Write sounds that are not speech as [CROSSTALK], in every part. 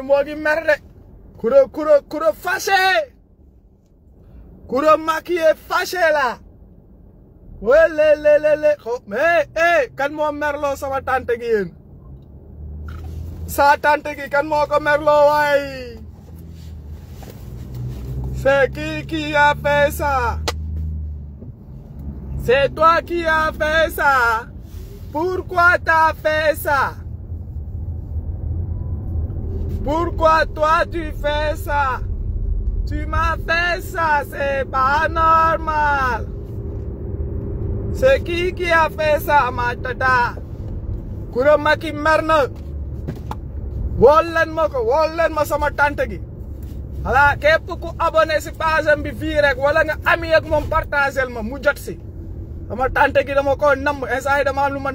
moo ngi mer de kuro kuro kuro fâché kuro maquillé fâché la wala lélélé xaw mais eh kan moo merloo sama tante gi yéen sa tante gi kan moo ko merloo waay c'est qui qui a fait ça c'est toi qui a fait ça pourquoi t'as fait ça Pourquoi toi tu fais ça Tu m'as fait ça, c'est pas normal. C'est qui qui a fait ça, ma tata Kuromaki ki mer Moko, woo leen ma ko ma sama tante gi voilà que abonné si pas un bi fii rek wala nga ami ak moom partagel ma mu si sama tante qui dama ko namm instant yi dama ma lu ma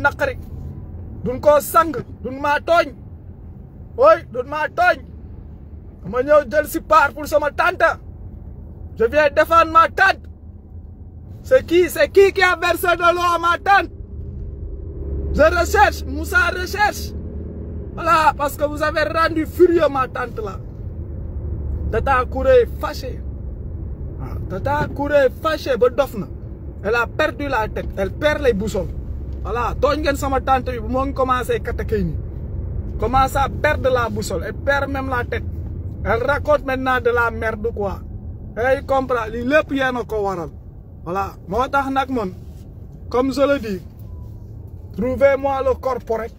duñ sang duñ ma oui, doon maa ton. ma Je de suis part pour ma tante je viens défendre ma tante c'est qui c'est qui qui a versé de l'eau à ma tante je recherche Moussa recherche voilà parce que vous avez rendu furieux ma tante là Tata a couru fâchée ah, Tata a couru fâchée elle a perdu la tête elle perd les boussoles voilà tooñ ngeen sama tante bi commence à commencé commence à perdre la boussole. Elle perd même la tête. Elle raconte maintenant de la merde quoi. Elle comprend. Le pire Voilà. Moi, comme je le dis, trouvez-moi le corporel.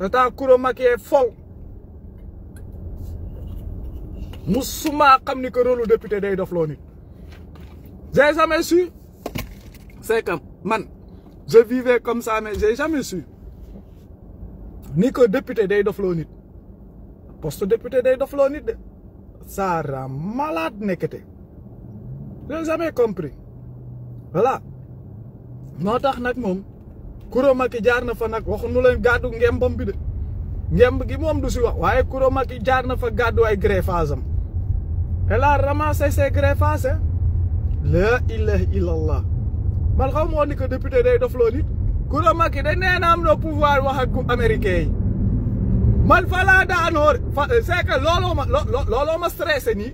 un Kuroma qui est folle. Moussouma, comme le que rôle député day dof j'ai jamais su c'est comme man je vivais comme ça mais j'ai jamais su ni ko député day dofloo nit poste député day dofloo nit de ça rend malade nekkete je n'ai jamais moo tax nag moom Coura Macky jaar na fa nag waxuñu leen gàddu ngembam bi de ngemb gi moom du si wax waaye Coura Macky jaar na fa gàddu ay greffage am elle a ramassé ses greffages la ilaha illallah man xaw ma woon ni que député day dofloo ku la Macky da nee na pouvoir wax ak américain man fa laa euh, c'est que lolo ma ma stressé ni.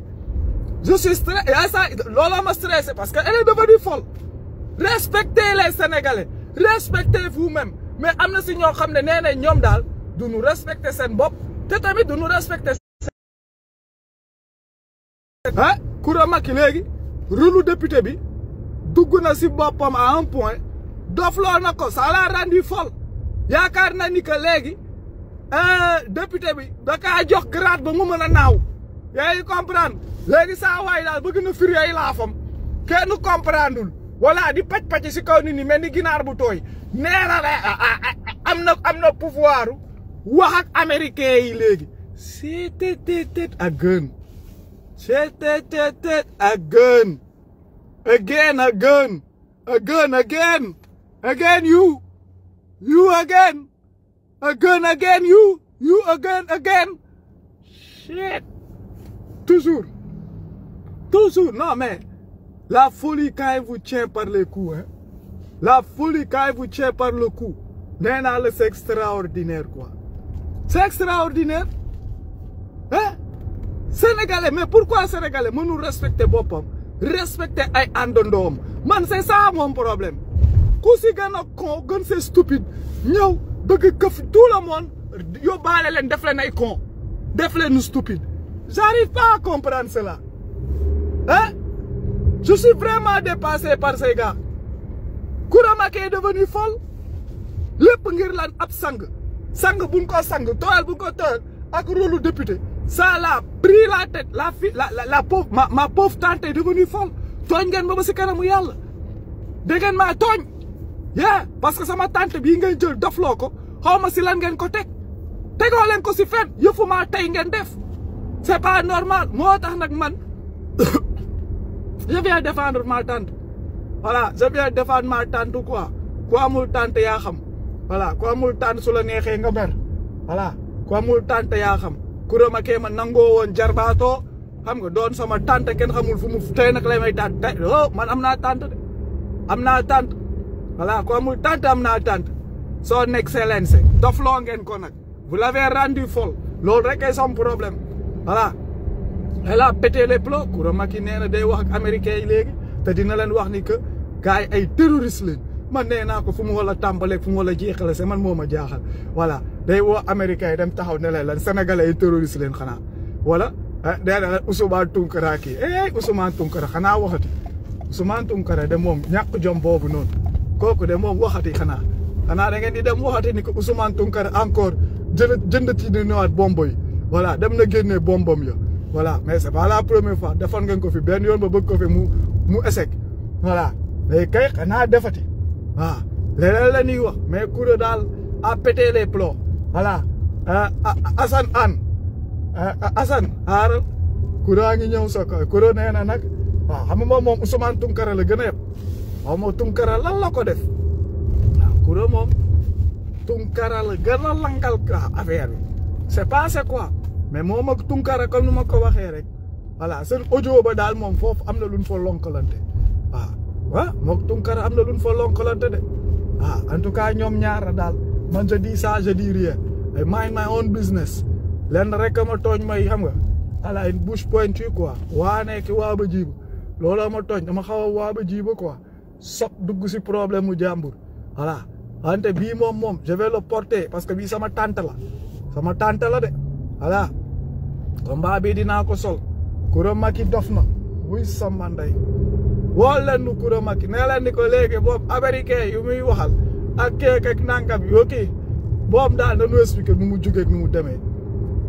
je suis stressé et ça lolo ma stressé parce que elle est devenue folle respectez les sénégalais respectez vous-même mais amna ci si ñoo xam ne ñom dal du nous respecter sen bop té tamit du nous respecter ah hein? ma Macky léegi rôle député bi duguna ci bopam à un point dofloo na ko ça l'a rendu folle yaakaar na ni legi euh député bi da ka jox grade ba mu meuna a naaw comprendre legi sa way dal beug na firi la fam kenn comprendreul wala di pat pat ci kaw nit ni melni ginar bu toy nee na amna na pouvoir wax ak américain yi legi seetetetet a gën seetetetet a again a again a Again, you. You again. Again, again, you. You again, again. Shit. Toujours. Toujours. Non, mais la folie quand elle vous tient par le cou. Hein. La folie quand elle vous tient par le cou. C'est extraordinaire, quoi. C'est extraordinaire. Hein? Sénégalais, mais pourquoi Sénégalais? Moi, nous respectons les Respecter de homme, Man, c'est ça mon problème. ku si gën a con gën see stupide ñëw bëgg këf tout le monde yóbbaale leen def leen ay con def leen stupide j'arrive pas à comprendre cela hein je suis vraiment dépassé par ces gars Coura Macky est lépp ngir lan ab sang sang buñ ko sang tooyal buñ ko tooyal ak rôlu député ça l'a pris la tête la fi la la la pauvre ma ma pauvre tante est devenue folle tooñ ngeen ma ba si kanamu yàlla da ngeen maa tooñ. yee parce que sama tante bii ngeen jël dofloo ko xaw ma si lan ngeen ko teg tegoo leen ko si fet yëfu ma tey ngeen def c'est pas moo tax nag man [COUGHS] je viens défendre ma tante voilà je viens défendre ma tante quoi ku amul tante yaa xam voilà ku amul tante su la neexee nga mer voilà ku amul tante yaa xam ku a kee ma nangoo woon jarbaatoo xam nga doon sama tante kenn xamul fu mu tey na lay may tante tey oh, man am naa tànt de am naa tànt voilà ko amul tante am naa tante son excellence dofloo ngeen ko nag vous l'avez rendu folle loolu rek ay son problème voilà elle a pété les plombs nee na day wax ak yi léegi te dina leen wax ni que gars yi ay terroristes man nee naa ko fu mu wala tàmbaleeg fu mu wala jeexale c'est man moo ma jaaxal voilà day woo américains yi dem taxaw ne leen lan sénégalais ay terroristes leen xanaa wala ah, day na Ousmane Tounkara kii eh Ousmane xanaa waxati Ousmane Tounkara de moom ñàkk jom noonu kooku de moom waxati xanaa xanaa da ngeen di dem waxati ni ko Ousmane Tounkara encore jënd jëndati na ñëwaat bombo voilà dem na génnee bombam ya voilà mais c'est pas la première fois defar ngeen ko fi benn yoon ba bëgg ko fi mu mu échec voilà léegi kay xanaa defati waaw leneen la ñuy wax mais Coura daal a pété les plombs voilà Assane Anne Assane xaaral ngi ñëw sa kaw Coura nee na nag waaw xam nga moom Ousmane Tounkara la gën a yeb xaw ma tunkara lan la ko def waaw Coura moom tunkara la gën a langal affaire bi c'est passé quoi mais moom ak tunkara comme ni ma ko waxee rek voilà seen ba daal moom foofu am na lu ñu fa lonkalante waaw waaw moom tunkara am na lu ñu fa lonkalante de waaw en tout cas ñoom ñaar daal man je dis ça je dis I mind my own business lenn rek ma tooñ may xam nga voilà une bouche pointue quoi waa nekk waa ba jiiba looloo ma tooñ dama xaw a waa ba jiiba quoi sob dugg si problème mu jàmbur voilà wante bii moom moom je vais le porter parce que bi sama tante la sama tante la de voilà combat bii dinaa ko sol Coura ki dofna na buy sama ndey woo nu Coura ki nee leen ni ko léegi boobu américain yu muy waxal ak keek ak nangam yoo bob boobu daal nu expliqué nu mu jógeeg nu mu demee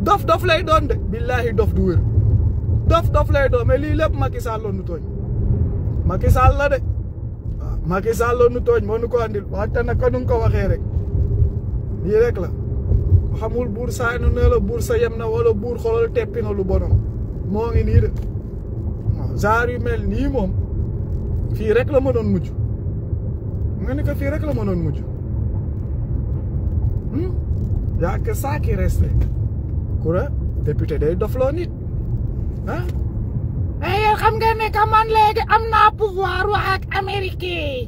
dof dof lay don de billahi dof du wér dof dof lay doon mais li lépp Macky Sall la nu tooñ Macky Sall la de Macky Sall nu tooñ moo nu ko andil waxta na ko nu ko waxee rek lii rek la xamul buur saa nu buur sa na wala buur xoolal teppi lu bonom moo ngi nii de waaw genre yu mel nii moom fii rek la mënoon mujj nga ni ko fii rek la mënoon mujj hmm? yaa que ça qui reste ku la député day dofloo nit ah xam nga ne que man léegi am naa pouvoir wax ak américain.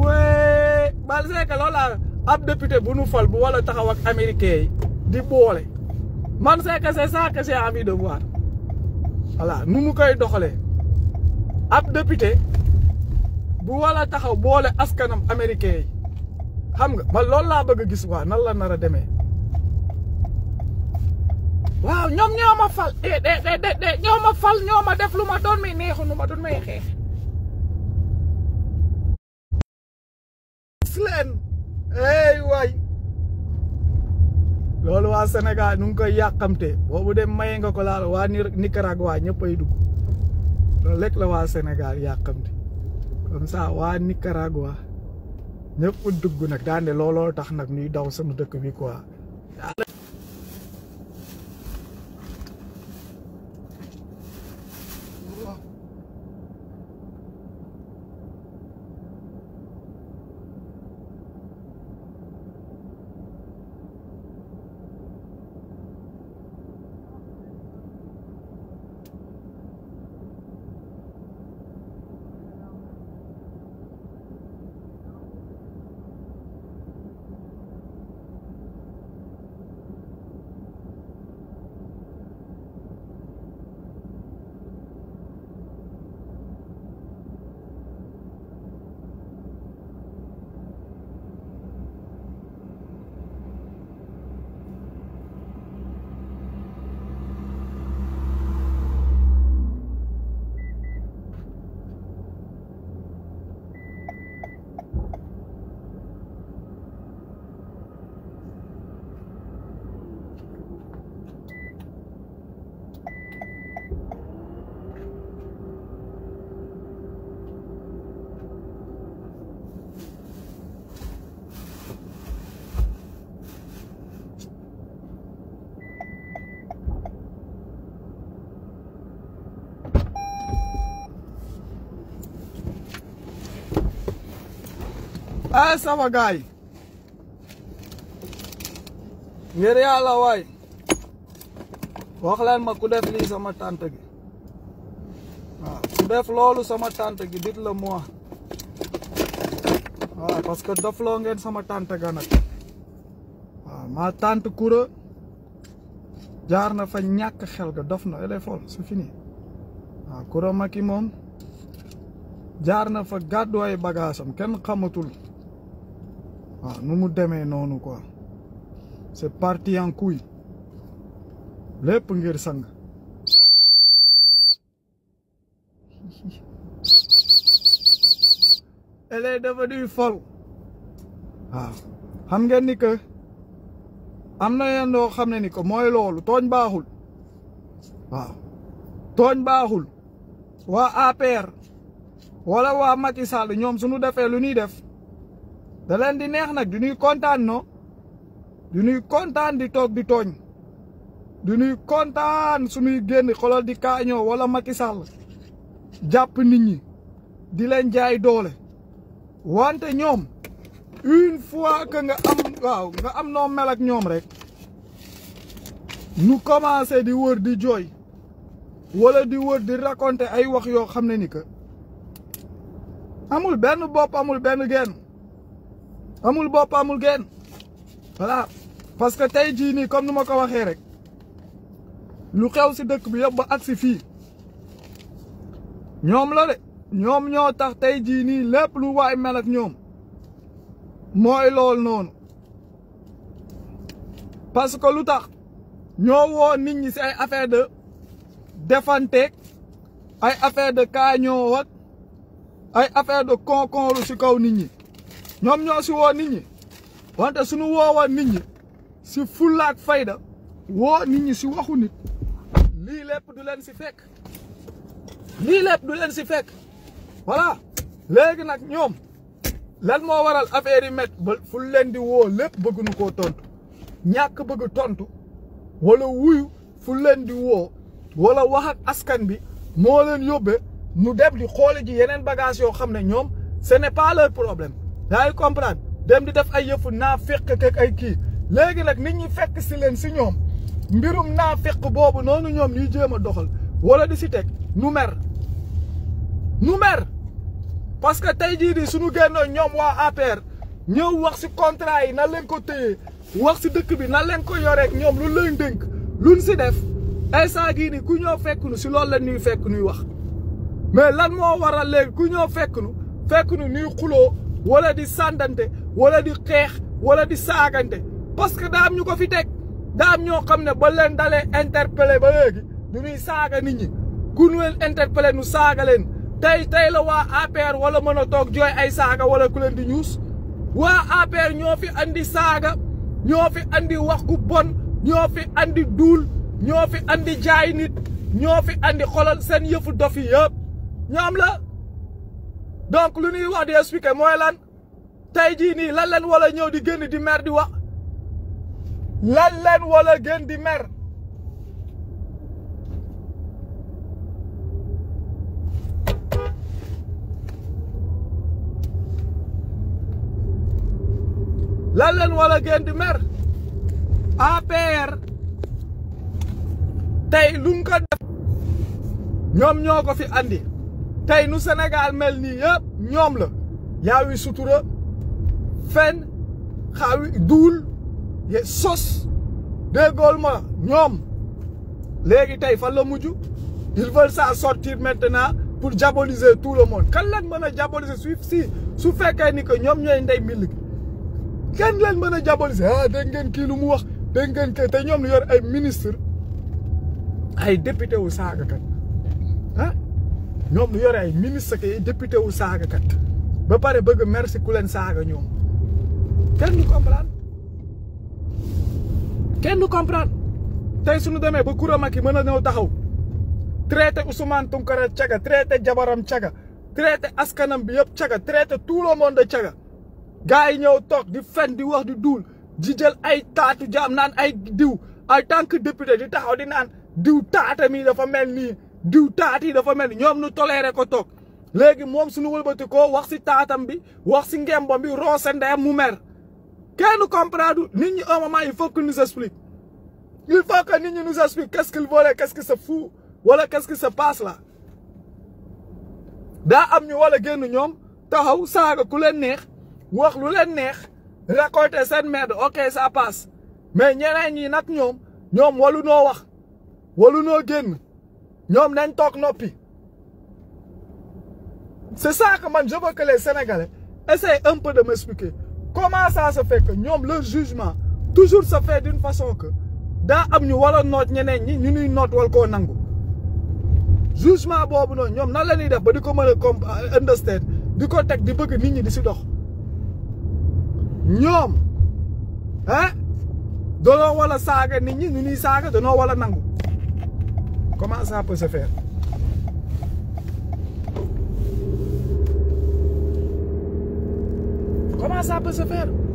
wéé bal c'est que ab député bu nu fal bu wala taxaw ak américain yi di boole man c'est que c'est ça que j'ai envie de voir voilà nu mu koy doxalee ab député bu wala taxaw boole askanam américain yi xam nga man loolu laa bëgg a gis waa nan la a demee. waaw ñoom ñoo ma fal de eh, de eh, eh, def lu ma doon may neexu lu ma doon may xeex loolu waa Sénégal nu ngi koy yàqamte boobu de maye nga ko laal waa Nicaragua ñëpp ay dugg loolu lekk la waa Sénégal yàqamte comme ça waa Nicaragua ñëpp dugg nag daande looloo tax nag ñuy daw sama dëkk bi quoi sama gay. guy. Ngereala waay wax leen ma sama tante gi waaw ah, ku sama tante gi dit ah, Pas moi waaw parce que ngeen sama tante ga nag ah, ma tante kuro. jaar na fa ñàkk xel ga dof na Ele fol, folle c'est fini waaw Coura Macky na fa ay bagaasam ken xamatul waaw ah, nu mu demee noonu quoi c'est parti en couille lépp ngir sang [LAUGHS] elle est devenue folle waaw ah, xam ngeen ni que am na yenn xam ne ni que mooy loolu tooñ baaxul waaw ah, tooñ baaxul waa APR wala waa Macky Sall ñoom sunu defee lu ñuy def da leen di neex nag du ñuy kontaan non du ñuy kontaan di toog di tooñ di ñuy kontaan suñuy génn xolal di kaañoo wala Macky sàll jàpp ni ñi di leen jaay doole wante ñoom une fois que nga am waaw nga am noo mel ak ñoom rek ñu commencé di wër di jooy wala di wër di raconter ay wax yoo xam ne ni que amul benn bopp amul benn genn amul bopp amul genn voilà parce que tey jii nii comme nu ma ko waxee rek lu xew si dëkk bi yëpp ba agsi fii ñoom la de ñoom ñoo tax tey jii nii lépp lu waay mel ak ñoom mooy lool noonu parce que lu tax ñoo woo nit ñi si ay affaire de defanteeg ay affaire de ak ay affaire de konkonru si kaw nit ñi ñoom ñoo si woo nit ñi wante suñu woowoon ni ñi si fullaak fayda woo nit ñi si waxu nit lii lépp du leen si fekk lii lépp du leen si fekk voilà léegi nag ñoom lan moo waral affaire yi met fu leen di woo lépp bëgguñu koo tontu ñàkk bëgg tontu wala wuyu fu leen di woo wala wax ak askan bi moo leen yóbbee ñu dem di xoole ji yeneen bagage yoo xam ne ñoom ce n'est pas problème yaa ngi dem di def ay yëfu naa fekk ak ay kii léegi nag nit ñi fekk si leen si ñoom mbirum naa fekk boobu noonu ñoom ñuy jéem a doxal wala di si teg nu mer nu mer parce que tey jii di suñu génnoon ñoom waa APR ñëw wax si contrat yi na leen ko téye wax si dëkk bi na leen ko yoreek ñoom lu leen dénk luñ si def instant gii nii ku ñoo fekk nu si loolu la ñuy fekk nuy wax mais lan moo waral léegi ku ñoo fekk nu fekk nu ñuy wala di sandante wala di xeex wala di saagante parce que daam ñu ko fi teg daam ñoo xam ne ba leen dalee interpellé ba léegi ñu ñuy saaga nit ñi ku ñu leen nu saaga leen tey tey la waa APR wala mën a toog jooy ay saaga wala ku leen di ñuus waa APR ñoo fi andi saaga ñoo fi andi wax gu bon ñoo fi andi duul ñoo fi andi jaay nit ñoo fi andi xolal seen yëfu dof yi yëpp ñoom la donc lu ñuy wax di expliquer moy lan tay ji ni lan leen wala ñew di genn di mer di wax lan leen wala genn di mer lan wala genn di mer APR tey luñ ko def ñom ñoko fi andi tey nu senegaal mel ni yëpp ñoom la yaa wi sutura fen xaawi duul ye sos déggool ma ñoom léegi tey fan la mujj ils veulent s'en sortir maintenant pour diaboliser tout le monde kan leen mën a diaboliser su si su fekkee ni que ñoom ñooy ndey mil gi kenn leen mën a diaboliser ah dégg ngeen lu mu wax dégg ngeen kii te ñoom ñu yor ay ministre ay député wu saagakat ah ñom yore ay ministre ki député wu kat ba paré bëgg merci ku len saga ñom kenn du comprendre kenn du comprendre tay suñu démé ba Coura Macky mëna a taxaw traité Ousmane Tonkara caga traité jabaram caga traité askanam bi yëpp caga traité tout le monde caga gaay ñew tok di fenn di wax di dul di jël ay taatu jam naan ay diw ay tank député di taxaw di naan diw taata mi dafa melni diw taat yi dafa mel ñom ñoom ñu toléré ko tok légui mom suñu wëlbati ko wax ci taatam bi wax ci ngembam bi roose ndeyam mu mer kenn comprendu nit ñi au moment il faut que nous explique il faut que nit ñi nous explique qu'est-ce qu'il voulait qu'est-ce qui se fout wala qu'est-ce qui se passe là D'a am ñu wala genn ñom taxaw saga ku leen neex wax lu leen neex récolter seen merde ok ça passe mais ñeneen ñi nak ñom ñom walu no wax walu no genn ñoom n'entok toog c'est ça que je veux que les Sénégalais essayent un peu de m'expliquer comment ça se fait que ñoom le jugement toujours se fait d'une façon que da am ñu war a noot ñeneen ñuy wal nangu jugement boobu noonu ñoom nan la ñuy def ba di ko euh, understand di ko teg di bëgg nit ñi di si dox ñoom ah danoo war a nit ñi ñuy saaga danoo war nangu Come sa puoi sapere? Come sa se sapere?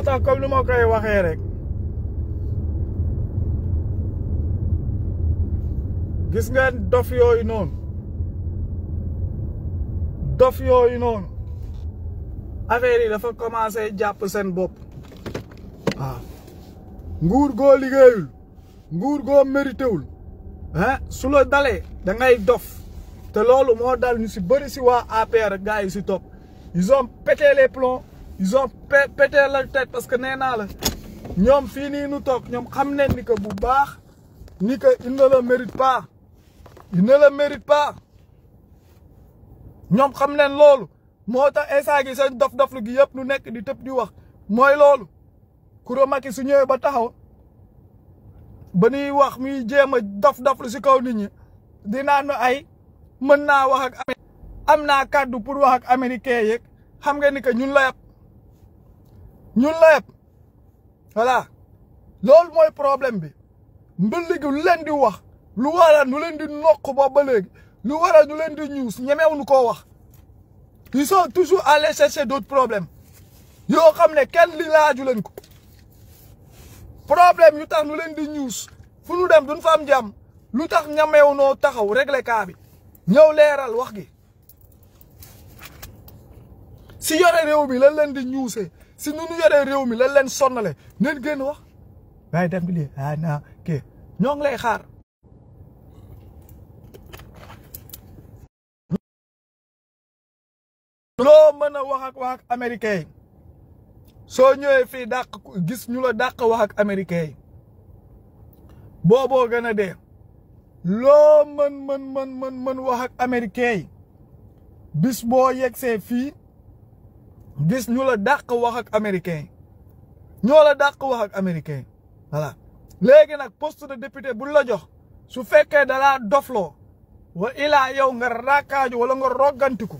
moo tax comme li ma koy waxee rek gis ngeen dof yooyu noonu dof yooyu noonu affaire yi dafa commencé jàpp seen bopp waaw nguur goo liggéeyul nguur goo méritéwul ah su la da ngay dof te loolu moo dal ñu si bëri si waa APR gars yi si topp ils ils ont pété la tête parce que nee naa ñoom fii nii nu toog ñoom xam nañ ni que bu baax ni que il ne le mérite pas il ñoom xam nañ loolu moo tax instant gi seen dof-doflu gi yëpp nu nekk di tëb di wax mooy loolu Coura Macky su ñëwee ba taxaw ba nuy wax mi jéem a dof-doflu si kaw nit ñi dinaa nu ay mën naa wax ak am naa kàddu pour wax ak américain yeeg xam nga ni que ñun la ñun la yëpp voilà loolu mooy problème bi ndulli gi lu leen di wax lu waral ñu leen di nokk bo ba léegi lu waral ñu leen di ñuus ñemewuñu koo wax ils sont toujours allés chercher d' autres problèmes yoo xam ne kenn li laaju leen ko problème yu tax ñu leen di ñuus fu ñu dem duñ fa am jàmm lu tax ñameew noo taxaw régler cas bi ñëw leeral wax gi si yore réew mi lan leen di ñuuse si nu ñu réew mi lan leen sonnale neen génn wax waaye def nga ah, naa kii ñoo ngi lay xaar. loo mën a wax ak wax ak yi soo ñëwee fii dàq gis ñu la dàq wax ak américain yi booboo gën a dee loo mën mën mën mën mën wax ak américain yi bis boo yegsee fii dis ñu la dàq wax ak américain ñoo la wax ak américain voilà légui nak poste de député bu la jox su de la doflo wa ila yow nga raakaaju wala nga rogantiku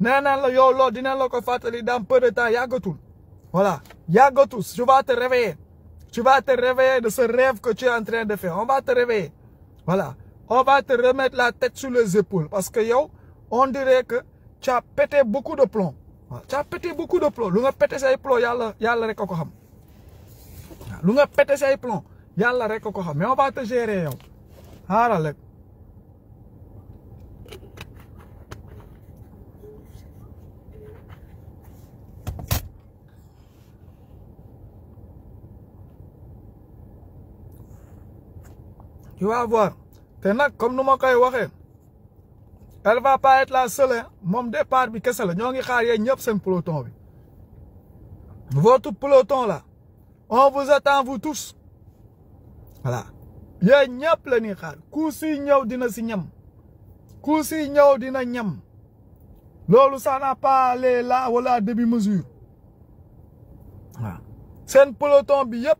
nana la yow lo dina la ko dans peu de temps yagatul voilà yàggatul tu vas te réveiller tu vas te réveiller de ce rêve que tu es en train de faire on va te réveiller voilà on va te remettre la tête sur les épaules parce que yow on dirait que tu as pété beaucoup de plomb tu as pété beaucoup de plombs lu a pété ces plombs Il y a ko xam lu nga pété ses plombs Il y a ko xam mais on va te gérer hein. tu vas voir te là comme nous ma elle va pas être la seule hein. moom départ bi kese ñoo xaar vous peloton bi votre peloton là on vous attend vous tous voilà ye la ni xaar ku si dina si ñam ku si dina ñam lolu ça n'a pas là voilà demi mesure voilà un peloton bi yëpp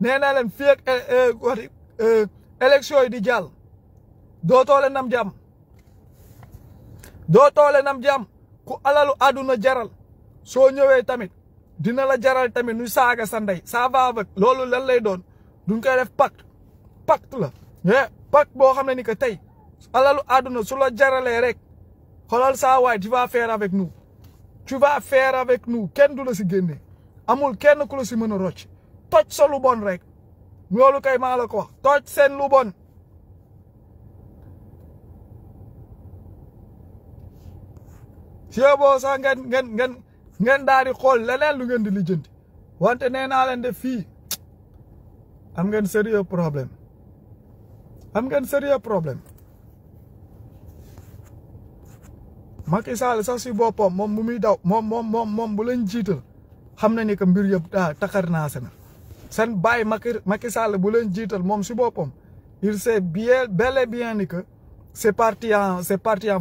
nee fi ak euh euh élection yi di doo toole nam di am ku alalu àdduna jaral soo ñëwee tamit dina la jaral tamit nu saaga sa ndey ça loolu lan lay doon duñ koy def pacte pacte la mais eh, pacte boo xam ne ni que tey alalu àdduna su la jaralee rek xoolal saa waay tu vas faire avec nous tu vas faire avec nous kenn du la si génne amul kenn ku la si mën a rocc toj sa lu bon rek loolu kay maa la ko wax toj seen lu bon sie boo sax ngeen ngeen ngeen ngeen daal xool leneen lu ngeen di lijjanti wante nee naa leen de fii am ngeen sérieux problème am ngeen sérieux problème Macky Sall sax si boppam moom mu muy daw moom moom moom moom bu lañ jiital xam na ni que mbir yëpp daa taxar naa se na seen baay Macky Macky Sall bu leen jiital moom si boppam il sait bien bel et bien ni que c'est parti en c'est parti en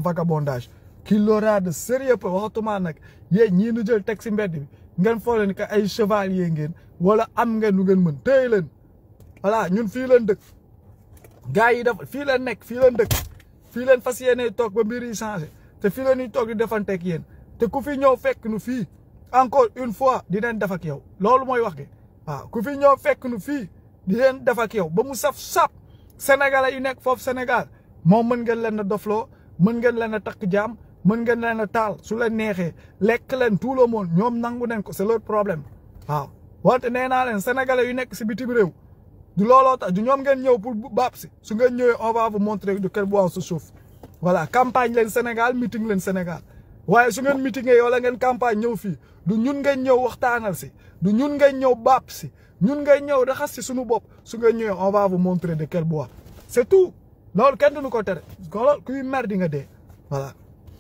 qu'il aura de sérieux problèmes waxatuma nag yéen ñii nu jël teg si mbedd bi ngeen fo leen ka ay chevalier ngeen wala am ngeen lu ngeen mën tey leen wala ñun fi leen dekk gars yi def fi leen nek fi leen dekk fi leen fasiyene tok ba mbir yi changer te fi leen ñu tok di ak yeen te ku fi ñëw fekk nu fi, encore une fois leen def ak yow loolu moy wax ge wa ku fi ñëw fekk nu di leen def ak yow ba mu saf sap sénégalais yu nek foofu Sénégal mo mën ngeen leen a dofloo mën ngeen leen a takk mën ngeen leen a taal su leen neexee lekk leen tout le monde ñoom nangu nañ ko c'est leur problème waaw wante nee naa leen sénégalais yu nekk si bitim réew du looloo tax du ñoom ngeen ñëw pour baab si su ngeen ñëwee on va vous montrer de quel bois on se chauffe voilà campagne leen Sénégal meeting leen Sénégal waaye su ngeen meetingee wala ngeen campagne ñëw fii du ñun ngeen ñëw waxtaanal si du ñun ngeen ñëw baab si ñun ngeen ñëw raxas si suñu bopp su ngeen ñëwee on va vous montrer de quel bois c'est tout loolu kenn du ko tere loolu kuy mer di nga dee voilà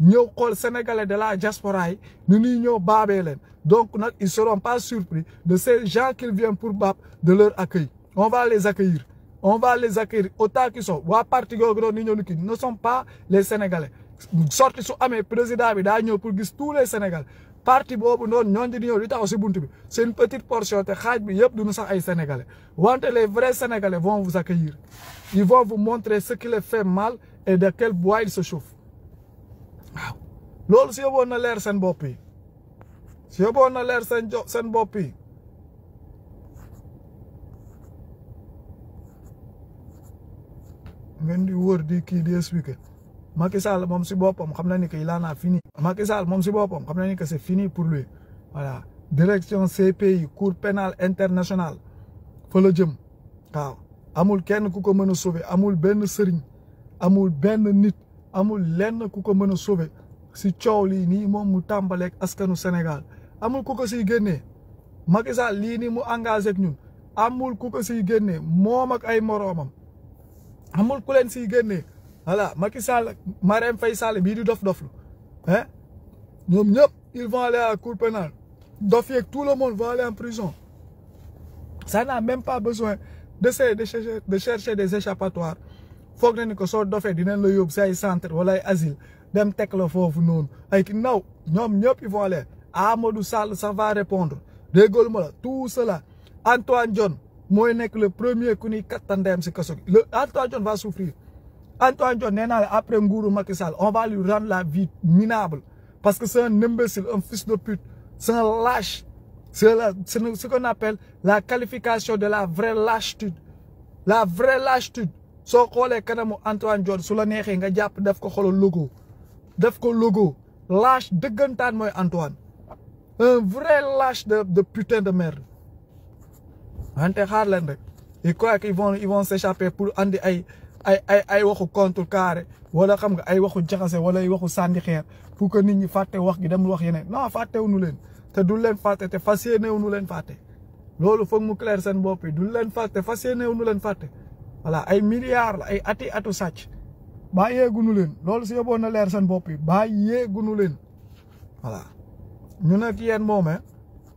ñëw les sénégalais de la diaspora yi nu ñuy ñëw donc ils ils seront pas surpris de ces gens qui viennent pour Bab de leur accueil on va les accueillir on va les accueillir autant qu'ils sont Ou parti partir ne sont pas les sénégalais sorti su Amé, président bi daa pour tous les sénégalais parti bobu non, ñoon di bi c'est une petite portion de xaaj bi du duñu sax ay sénégalais wante les vrais sénégalais vont vous accueillir ils vont vous montrer ce qui les fait mal et de quel bois ils se chauffent loolu si yóbboon na leer sen bopp yi si yóbboon na leer sen jo seen bopp yi ngeen di wóor di kii di expliquer Macky Sall moom si boppam xamna ni que il en a fini Macky Sall moom si boppam xamna ni que c'est fini pour lui voilà direction CPI cour pénale internationale fa la jëm waaw amul kenn ku ko mën sauver amul ben serigne amul ben nit amul lenn ku ko mën sauver si coow lii nii moom mu tàmbaleeg askanu Sénégal amul ku ko siy génnee Macky Sall lii nii mu engagé ak ñun amul ku ko siy génnee moom ak ay moroomam amul ku leen siy génnee voilà Macky Sall Marème Faye Sall bii di dof-doflu hein ñoom ñëpp ils vont aller à dof yeeg tout le monde va aller en prison ça n'a même pas besoin de se de chercher de chercher des échappatoires foog na ni ko soo dofee dinañ la yóbbu si ay centre wala ay asile dem teg la foofu noonu ay ki naw ñoom ñëpp ils vont aller Amadou Sall ça va répondre regarde ma tout cela Antoine John, moy nek le premier kuni katandem kattandeem si le Antoine John va souffrir Antoine John nee après nguuru Macky sal on va lui rendre la vie minable parce que c'est un imbécile un fils de pute c'est un lâche c'est ce qu'on appelle la qualification de la vraie lâchetude la vraie lâchetude soo xoolee kanamu Antoine John. su la a nga jàpp def ko xoolal logo def ko logo lâche dëggantaan moy Antoine un vrai lâche de de putain de merde wante xaar leen rek ils croient qu'ils vont ils vont s'échapper pour andi ay ay ay ay waxu contre carré wala xam nga ay waxu jaxase wala ay waxu sandi xeer pour que nit ñi faté wax gi dem wax yeneen non faté wu fàttewuñu leen te du faté té te wu yéenewuñu len faté loolu foog mu clair sen bopp yi len faté fàtte wu yéenewuñu len faté voilà ay milliards ay ati atu sàcc bàyyeegunu leen loolu si yóbboon na leer seen bopp yi bàyyeegunu leen voilà ñu nekk yéen moomee eh?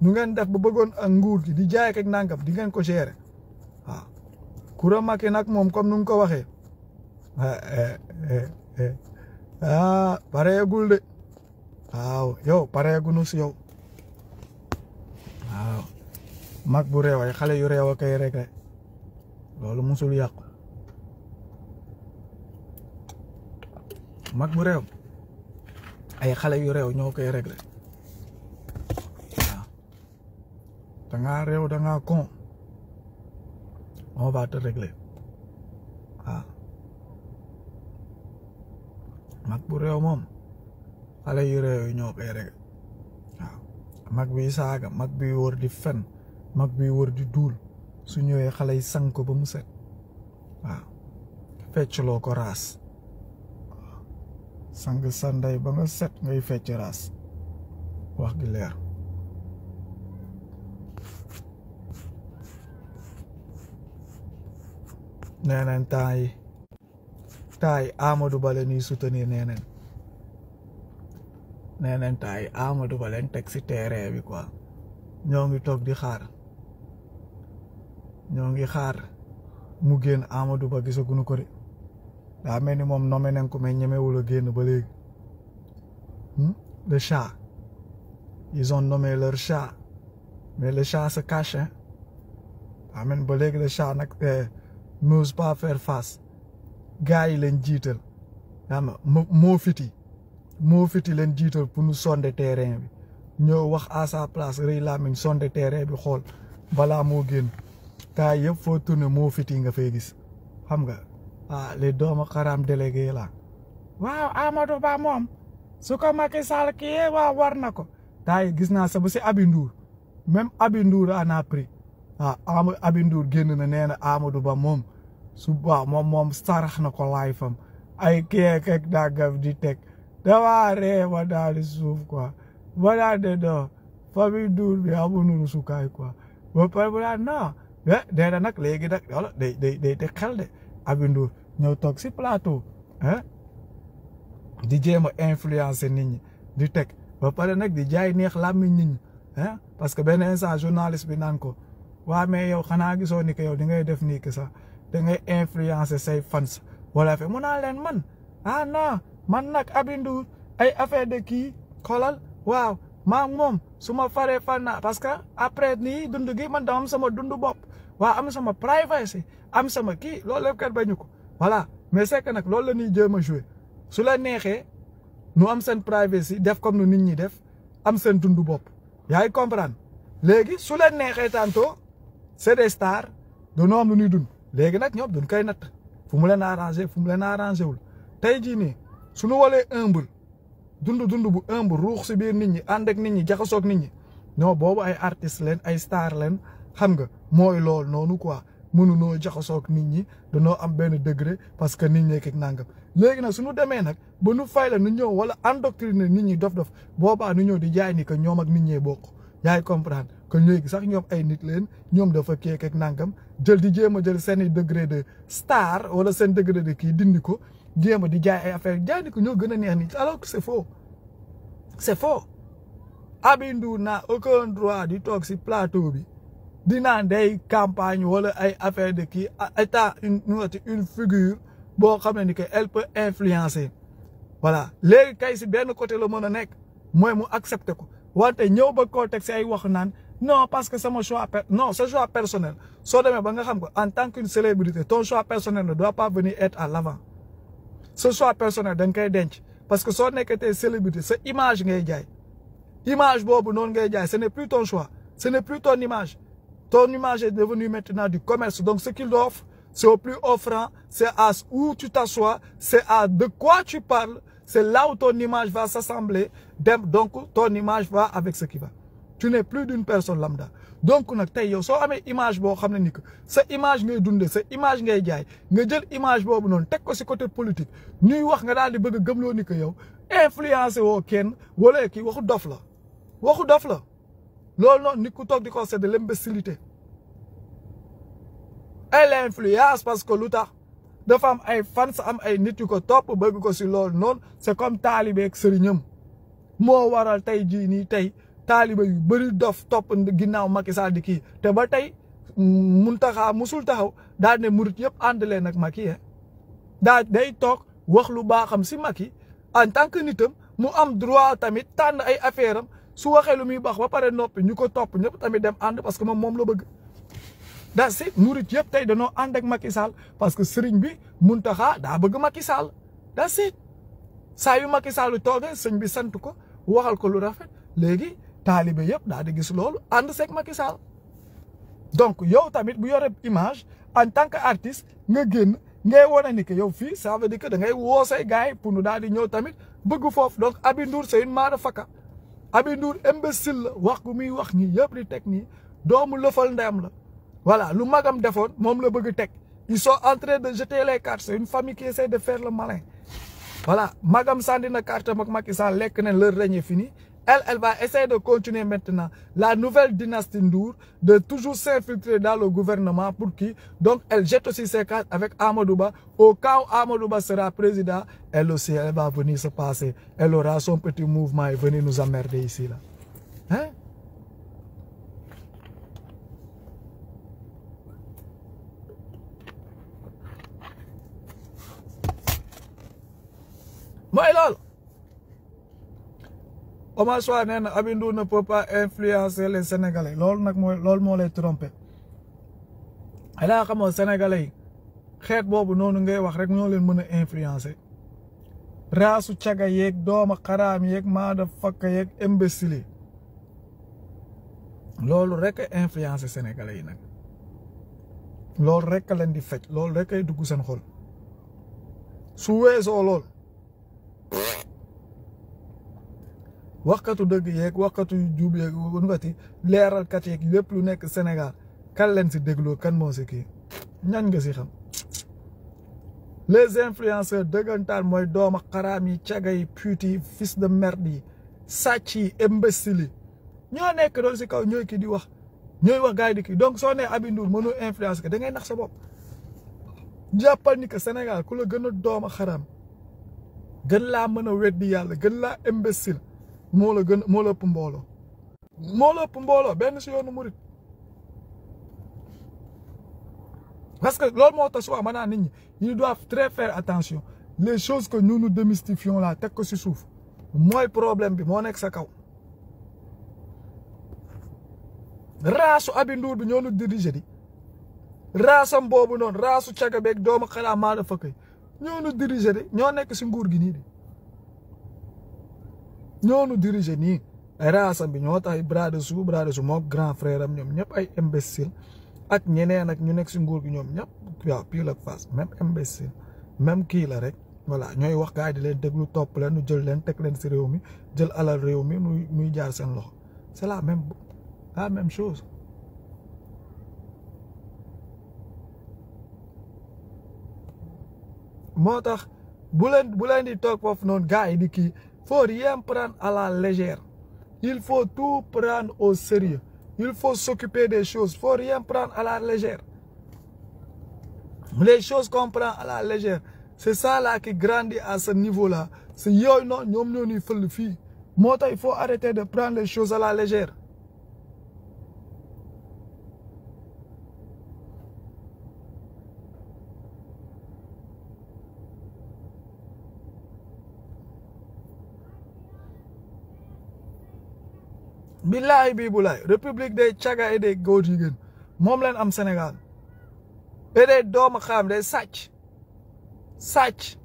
ñu ngeen def ba bëggoon ak nguur gi di jaay ak nangam di ngeen ko gérer waaw Coura Macky nag moom comme nu nga ko waxee eh, eh, ah pareegul de waaw yow pareegunu si yow waaw bu réew xale yu réew a koy rek loolu musul yàqu mag mu réew ay xale yu réew ñoo koy réglé waaw dangaa réew dangaa con on va mag bu réew moom xale yu réew yi ñoo koy réglé mag bi saaga mag bi wër di fen mag bi wër di duul su ñëwee xale yi sang ko ba mu set waaw feccloo ko raas sang sanday ba nga set ngay fecc wah wax gi leer ya. neneen temps yi temps yi Amadou Ba nenen. Nenen soutenir neneen neneen temps yi Amadou Ba leen teg si di xaar ñoo xaar mu génn Amadou Ba gisaguñu ko daa mel ni moom nommé nañ ko mais ñemewul génn ba léegi hmm? le chat ils ont nommé leur chat mais le chat se cache hein daa mel ba léegi le chat nag eh, n'ose pas faire face gars yi leen jiital yaa moo fiti moo fiti leen jiital pour nu de terrain bi ñëw wax à sa place rëy làmmiñ de terrain bi xool balaa moo génn taa yëpp foo tourné moo fiti nga fay gis ah les doomu xaraam délégué la waaw Amadou Ba moom su ko Macky Sall kii waaw war na ko. taay gis naa sa si Abi Ndour même Abi Ndour a pris ah Ama Abi Ndour génn na nee na Amadou Ba moom su moom sarax na ko laay fam ay kii ak dàggam di teg dawaa ree ba daal suuf quoi ba daal de doo famille Ndour bi amuñu rusukaay quoi ba pare ba daal non eh dee na nag léegi nag day day day teg xel de. abindu ñëw toog si plateau ah di jéem influencer nit ñi di tek ba paré nak di jaay neex làmmiñ nit ñi ah parce que ben instant journaliste bi nan ko wa mais yow xana gisoo ni que yow di ngay def ni ke sa da ngay influencer say fans wala fe mo na len man ah non man abindu ay affaire de ki kolal waaw ma moom suma ma faree parce que après ni dundu gi man dama sama dundu bop waa am sama privacy am sama kii loolu lépp kat bañu ko voilà mais c'est nag loolu la ñuy jéem a joué su la neexee nu am seen privacy def comme nu nit ñi def am seen dundu bopp yaa ngi comprendre léegi su la neexee tantôt c'est des stars dañoo am lu ñuy dund léegi nag ñoom duñ koy nag fu mu leen arrangé fu mu leen arrangé wul tey jii nii suñu walee humble dund dund bu humble ruux si biir nit ñi ànd ak nit ñi jaxasoo ak nit ñi non boobu ay artistes leen ay stars leen xam nga mooy loolu noonu quoi mënunoo jaxasoog nit ñi danoo am benn degré parce que nit ñi kek nangam léegi nag suñu demee nag ba nu fay la nu ñëw wala endoctriner nit ñi dof-dof boobaa nu ñëw di jaay ni que ñoom ak nit ñee bokk yaay comprendre que léegi sax ñoom ay nit leen ñoom dafa kee kek nangam jël di jéem a jël seen degré de star wala seen degré de kii dindi ko jéem a di jaay ay affaire jaay ni ko ñoo gën a neex nit alors que c'est fo c'est faux Habib Ndour n'a droit di toog si plateau bi dinaa des campagne ou ay affaire de qui, état une une figure qui elle peut influencer voilà cas kay bien au côté le monde, moi, je mooy mu accepter ko wante ba non parce que c'est mon choix non c'est choix personnel en tant qu'une célébrité ton choix personnel ne doit pas venir être à l'avant ce choix personnel d'un parce que si nekkee était célébrité c'est image ngay image non ce n'est plus ton choix ce n'est plus ton image ton image est devenue maintenant du commerce. Donc ce qu'il offre, c'est au plus offrant, c'est à où tu t'assois, c'est à de quoi tu parles, c'est là où ton image va s'assembler. Donc ton image va avec ce qui va. Tu n'es plus d'une personne lambda. donc on a yow soo amee image boo xam ne ni que sa image ngay dundee sa image ngay jaay nga jël image boobu noonu teg ko ci côté politique ñuy wax nga daal di bëgg a gëmloo ni que yow influencé woo kenn wala kii waxu dof la waxu loolu noon nit ku di ko c'est de l'imbécilité elle influence parce que lu tax dafa am ay fans am ay nit yu ko topp bëgg ko si lool noon c'est comme taalibe ak moo waral tey jii nii tey taalibe yu bëri dof topp ginnaaw Macky Sall kii te ba tey mun taxaa musul taxaw daal ne murit yëpp ànd nag ak Macky daa day toog wax lu baaxam si Macky en tant que nitam mu am droit tamit tànn ay affaire su waxee lu muy baax ba pare noppi ñu ko topp ñëpp tamit dem ànd parce que moom moom la bëgg daa si murit yëpp tey danoo ànd ak Macky Sall parce que sëriñ bi Muntaxa daa bëgg Macky Sall daa si saa yu Macky Sall toogee sëñ bi sant ko waxal ko lu rafet léegi taalibe yëpp daa di gis loolu ànd sek Macky Sall donc yow tamit bu yore image en tant que artiste nga génn ngay wane ni que yow fii ça veut dire que da ngay woosay gars yi pour nu daal di ñëw tamit bëgg foofu donc Aby Ndour c'est une motherfucker Aby imbécile la wax bu muy wax ni yëpp di teg nii doomu lëfal la voilà lu magam defoon moom la bëgg teg ils sont en train de jeter les cartes c'est une famille qui essaie de faire le malin voilà magam sandina na carte am ak Macky Sall lekk leur règne fini elle, elle va essayer de continuer maintenant la nouvelle dynastie Ndour, de toujours s'infiltrer dans le gouvernement pour qui Donc, elle jette aussi ses cartes avec Amadouba. Au cas où Amadouba sera président, elle aussi, elle va venir se passer. Elle aura son petit mouvement et venir nous emmerder ici. Là. Hein? Moi, Omar Sow nee na Abidou ne peut pas influencer les sénégalais loolu nag mooy loolu moo lay tromper alaa xamoo sénégalais yi xeet boobu noonu ngay wax rek noo leen mën a influencer raasu caga yeeg dooma xaraam yeeg maada fakka yeeg imbécile loolu rek a influencer sénégalais yi nag loolu rek a leen di fec loolu rek ay dugg seen xol su weesoo lool waxkatu dëgg yeeg waxkatu jub yeeg nu ko ti leeralkat yeeg lépp lu nekk Sénégal kan leen si dégloo kan moo si kii ñan nga si xam les influenceurs dëggantaan mooy dooma xaraam yi caga yi puti fils de merde yi sàcc yi imbécile yi ñoo nekk doon si kaw ñooy ki di wax ñooy wax gars di kii donc soo nee Aby Ndour mënoo influence que da ngay nax sa bopp jàppal ni que Sénégal ku la gën a dooma gën laa mën a weddi gën laa imbécile moo la gën moo la ëpp mbooloo moo la ëpp mbooloo benn si yoonu murit parce que loolu moo tax souvent maanaam nit ñi ils doivent très faire attention les choses que nous nous démystifions laa teg ko si suuf mooy problème bi moo nekk sa kaw raasu abi nduur bi ñoo nu dirigé di raasam mboobu noon raasu caga beeg doomu xalaa maa la fëkk ñoo nu dirigé di ñoo nekk si nguur gi nii di ñoo nu dirigé nii raasam bi ñoo tax brada su brada su moo grand frère ñoom ñëpp ay imbécile ak ñeneen ak ñu nekk si nguur gi ñoom ñëpp waaw pile ak face même imbécile même kii la rek voilà ñooy wax gars yi di leen déglu topp leen nu jël leen teg leen si réew mi jël alal réew mi nu muy jaar seen loxo c'est la même la même chose. moo tax bu leen bu leen di toog foofu noonu gars yi di kii faut rien prendre à la légère. Il faut tout prendre au sérieux. Il faut s'occuper des choses. Il faut rien prendre à la légère. Les choses qu'on prend à la légère, c'est ça là qui grandit à ce niveau-là. C'est il faut arrêter de prendre les choses à la légère. billaay bii bu laay république des caga et des jigéen moom leen am Sénégal et des doomu xaam day sàcc sàcc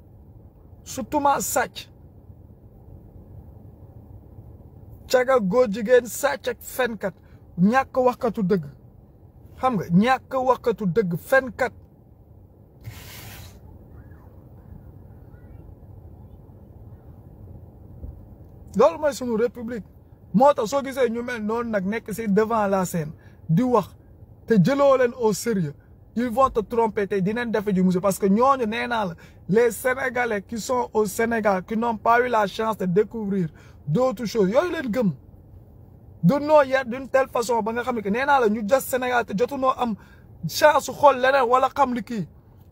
surtout ma sàcc caga góor jigéen sàcc ak fenkat ñàkk waxkatu dëgg xam nga ñàkk waxkatu dëgg fenkat loolu mooy sunu république moto so soo ñu mel non, nak nek ci devant la scène di wax té jëloo leen au sérieux ils vont te tromper te dinañ defe ji monsieur parce que ñooñu nee les sénégalais qui sont au Sénégal qui n'ont pas eu la chance de découvrir d'autres choses yoy leen gëm De noo yar d'une telle façon ba nga xam que nee la ñu jass Sénégal té jotu noo am chance xol lénen wala xam li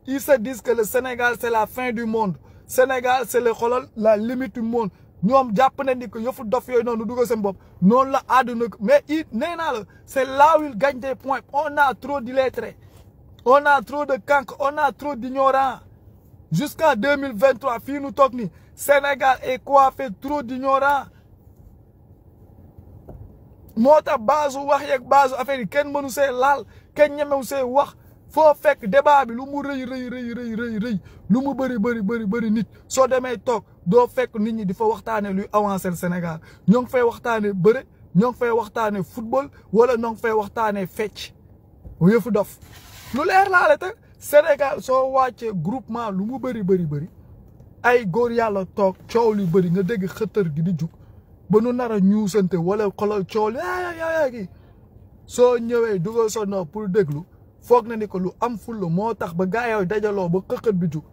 ils se disent que le Sénégal c'est la fin du monde Sénégal c'est le la limite du monde ñoom jàpp nañ ni que yëfu dof nous noonu dugal seen bopp noonu la àdduna mais il nee naa là où il gagne des points on a trop d'illettrés on a trop de cancres on a trop d'ignorants jusqu'à 2023 fii nous toog ni Sénégal est coiffé trop d'ignorants Mota tax base wax yak base affaire yi nous c'est lal ken kenn ñemewu c'est wax fo fek débat bi lu mu reuy reuy reuy reuy reuy rëy lu mu bari bari bari bari nit so demee tok doo fekk nit ñi di fa waxtaanee luy avancé le ñoo ngi fay waxtaanee bëre ñoo ngi fay waxtaanee football wala ñoo ngi fay waxtaanee fecc yëfu dof lu leer laa te Sénégal soo wàccee groupement lu mu bëri bëri bëri ay góor yàlla toog coow lu bëri nga dégg xëtër gi di jug ba nu nar a ñuusante wala xolal coow li soo ñëwee dugal sa nopp pour déglu foog na ni ko lu am fulla moo tax ba gaa yooyu dajaloo ba xëqët bi jug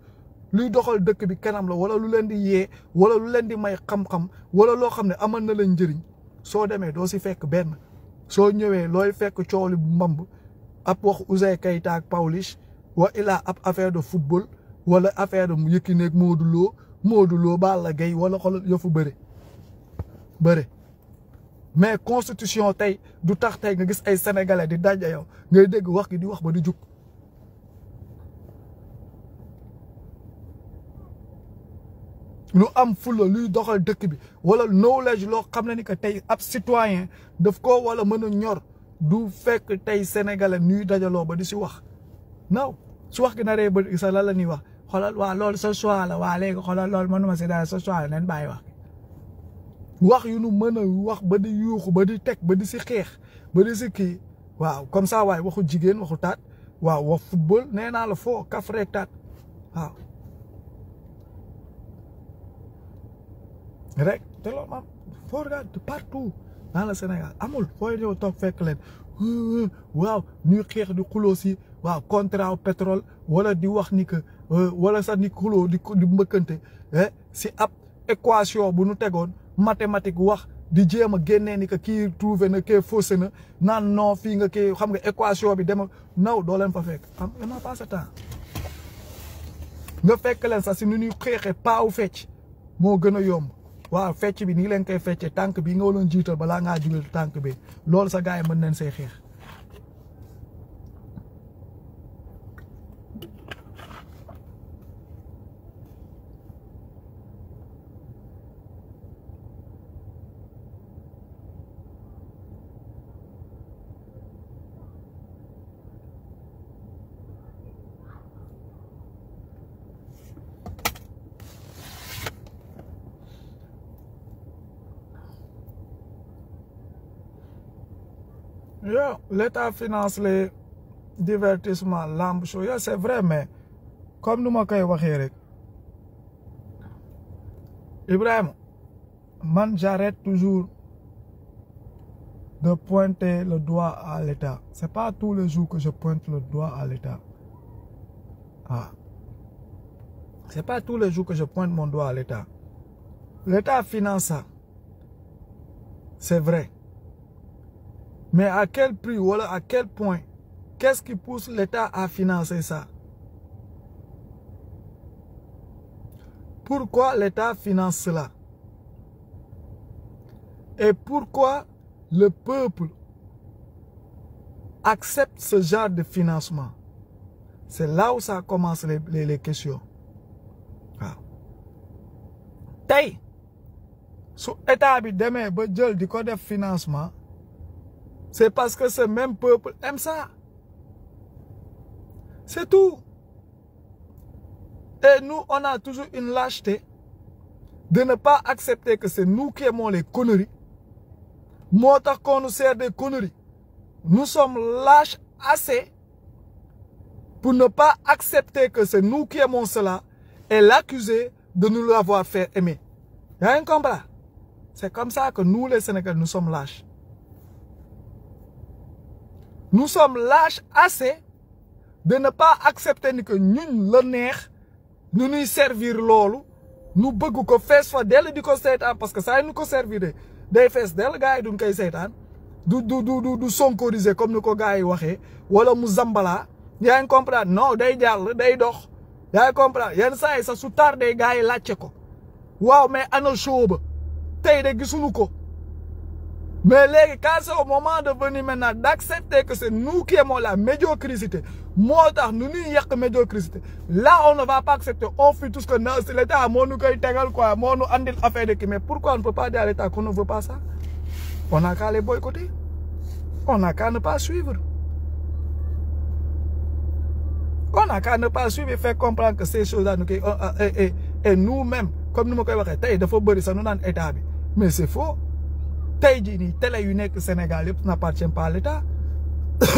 luy doxal dëkk bi kanam la wala lu leen di yee wala lu leen di may xam-xam wala loo xam ne aman na la njëriñ soo demee doo si fekk benn soo ñëwee looy fekk cooli bu mbamb ab wax Ouzin Keita ak Pawlish wa ilaa ab affaire de football wala affaire de mu Yékini ak Modou Lo Modou Lo Balla Gaye wala xoolal yëfu bëre bëre mais constitution tey du tax tey nga gis ay sénégalais di daje yow ngay dégg wax gi di wax ba di jug. lu am fulla luy doxal dëkk bi wala knowledge loo xam na ni que tey ab citoyen daf ko wala mën a ñor du fekk tey sénégalais ñuy dajaloo ba di si wax naw su wax gi naree ba sa la la ñuy wax xoolal waa loolu sa choix la waa léegi mën loolu mënuma si dara sa choix baay nañ wax wax yu nu mën a wax ba di yuuxu ba di teg ba di si xeex ba di si kii waaw comme sa waay waxu jigéen waxu taat waaw wax football nee naa la foo kaf rek taat waaw rek te loolu ma foo regarde partout dans le Sénégal amul fooy ñëw toog fekk leen hum, waaw ñuy xeex di xuloo si waaw contrat pétrole wala di wax ni que euh, wala sa ni xuloo di di hein ci ap équation bu ñu tégon mathématique wax di jéem a ni que ki trouvé na kii faussé na nan non fi nga kii xam nga équation bi dema naw do leen fa fekk am n'a pas ce temps nga fekk leen sax ci ñu ñuy xeexee paaw fecc mo gëna a yomb waaw fecc bi nii leen koy fecce tànk bi nga waroon jiital balaa ngaa jugal tànk bi loolu sa gars yi mën nañ say xeex l'État finance les divertissements lamb c'est vrai mais comme nous m'en à Ibrahim, j'arrête toujours de pointer le doigt à l'État c'est pas tous les jours que je pointe le doigt à l'État ah c'est pas tous les jours que je pointe mon doigt à l'État l'État finance ça c'est vrai mais à quel prix ou à quel point Qu'est-ce qui pousse l'État à financer ça Pourquoi l'État finance cela Et pourquoi le peuple accepte ce genre de financement C'est là où ça commence les, les, questions. Ah. Taï, sous état bi financement c'est parce que ce même peuple aime ça. C'est tout. Et nous, on a toujours une lâcheté de ne pas accepter que c'est nous qui aimons les conneries. Moi, qu'on nous sert des conneries. Nous sommes lâches assez pour ne pas accepter que c'est nous qui aimons cela et l'accuser de nous l'avoir fait aimer. Il y a un combat. C'est comme ça que nous, les Sénégalais, nous sommes lâches nous sommes lâches assez de ne pas accepter que ñun l'honneur, Nous nous servir loolu nous ko di parce que ça nous ko servir des fesses gars yi duñ koy du du du du comme nous gars yi nous wala mu zambala yaa comprendre non day jàll day dox yaa comprendre comprenez saa ça, sous tard, des gars yi ko waaw mais show mais les quand au moment de venir maintenant d'accepter que c'est nous qui aimons la médiocrité, moi, nous n'y médiocrité. Là, on ne va pas accepter. On fuit tout ce que c'est l'État, moi, nous, quoi, moi, nous, on de qui. Mais pourquoi on ne peut pas dire à l'État qu'on ne veut pas ça? On n'a qu'à les boycotter. On n'a qu'à ne pas suivre. On n'a qu'à ne pas suivre et faire comprendre que ces choses-là, nous, euh, euh, nous-mêmes, comme nous, tey jii nii télé yu nekk Sénégal yëpp na pas à l'État [COUGHS]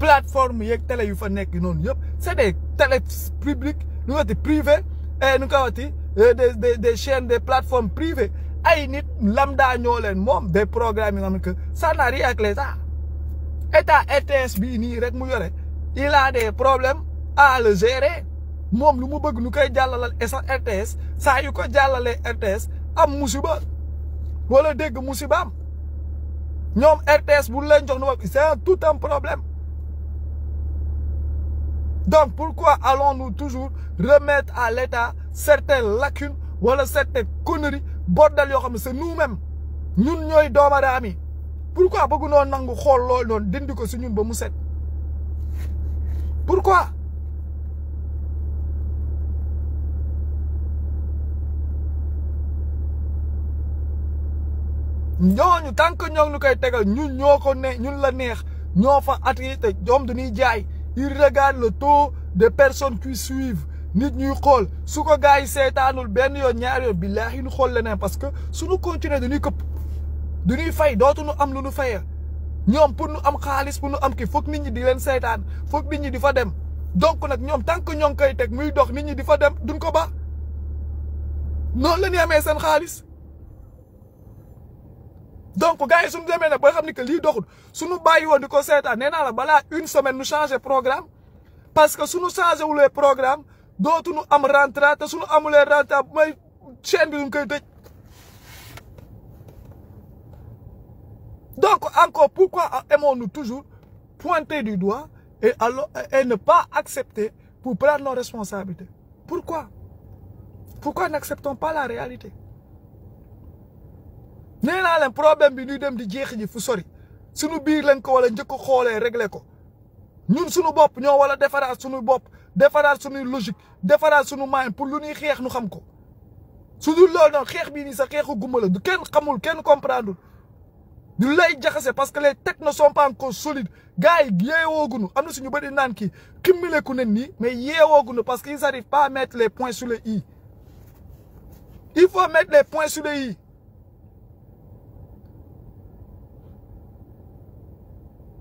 plateforme yeeg télé yu fa nekk noonu yëpp c'est des télé publiques nu eh, ko waxati privé et eh, nu ko waxati des des des chaînes des plateformes ay nit lambda ñoo leen moom de programmes yi nga xam ne que ça n'a rien avec RTS bii nii rek mu yore il a des problèmes à le gérer moom lu mu bëgg nu koy jàllalal et RTS saa yu ko jàllalee RTS am musiba. wala dégg musibaam ñom RTS bu leen jox c'est un tout un problème donc pourquoi allons-nous toujours remettre à l'État certaines lacunes wala certaines conneries bordel yo xam c'est nous-mêmes ñun ñooy doomadaam yi pourquoi bëggu nous, nangu xool loolu noonu dindi ko ñun ba mu set pourquoi ñooñu tant que ñoo ngi koy tegal ñun ñoo ko ne ñun la neex ñoo fa attiré te ñoom dañuy jaay il regarde le taux de personnes qui suivent nit ñuy xool su ko gars yi seetaanul benn yoon ñaar yoon billaahi ñu xool leneen parce que suñu continuer dañuy këpp duñuy fay dootuñu am lu ñu fayee ñoom pour nu am xaalis pour nu am kii foog nit ñi di leen seetaan foog nit ñi di fa dem donc nag ñoom tant que ñoo ngi koy teg muy dox nit ñi di fa dem duñ ko ba noonu la ñuy amee seen xaalis donc gars si suñu demee nag que si doxul ko la une semaine changeons le programme parce que nous changeons les programme dootuñu am rentrée te suñu nous rentrée bu may chaîne bi une koy donc encore pourquoi aimons-nous toujours pointer du doigt et et ne pas accepter pour prendre nos responsabilités pourquoi pourquoi n'acceptons pas la réalité nee naa problème bi ñuy dem di jeex ji fu sori suñu biir lañ ko wala njëkk xolé réglé ko ñun suñu bop ño wala defaraat suñu bop defaraat suñu logique defaraat suñu mind pour lu ñuy xeex ñu xam ko suñu dul loolu noonu xeex bii nii sax xeexu du kenn xamul kenn comprendre du lay jaxase parce que les têtes ne sont pas encore solides gaay yi amna am na suñu bëri naan kii ximmileku nen nii mais yeewooguñu parce qu'ils arrivent pas à mettre les points sur les i il faut mettre les points sur les i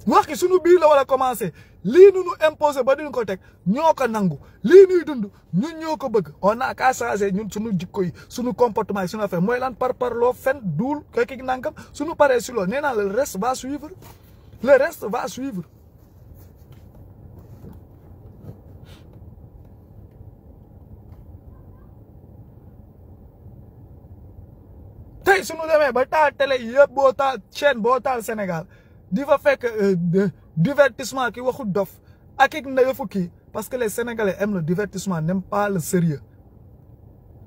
wax ki suñu biir la war a commencé lii nu ñu imposé ba duñ ko teg ñoo ko nangu lii nuy dund ñun ñoo ko bëgg on a qu'à changer ñun suñu jikko yi suñu comportement yi mooy lan par par parloo fen duul kekki nangam suñu paree si loolu nee naa le reste va suivre le reste va suivre tey suñu demee ba taal télé yëpp boo taal chaîne boo taal Sénégal fait que fekk euh, divertissement qui waxu dof ak it ndeyefu parce que les sénégalais aiment le divertissement n'aiment pas le sérieux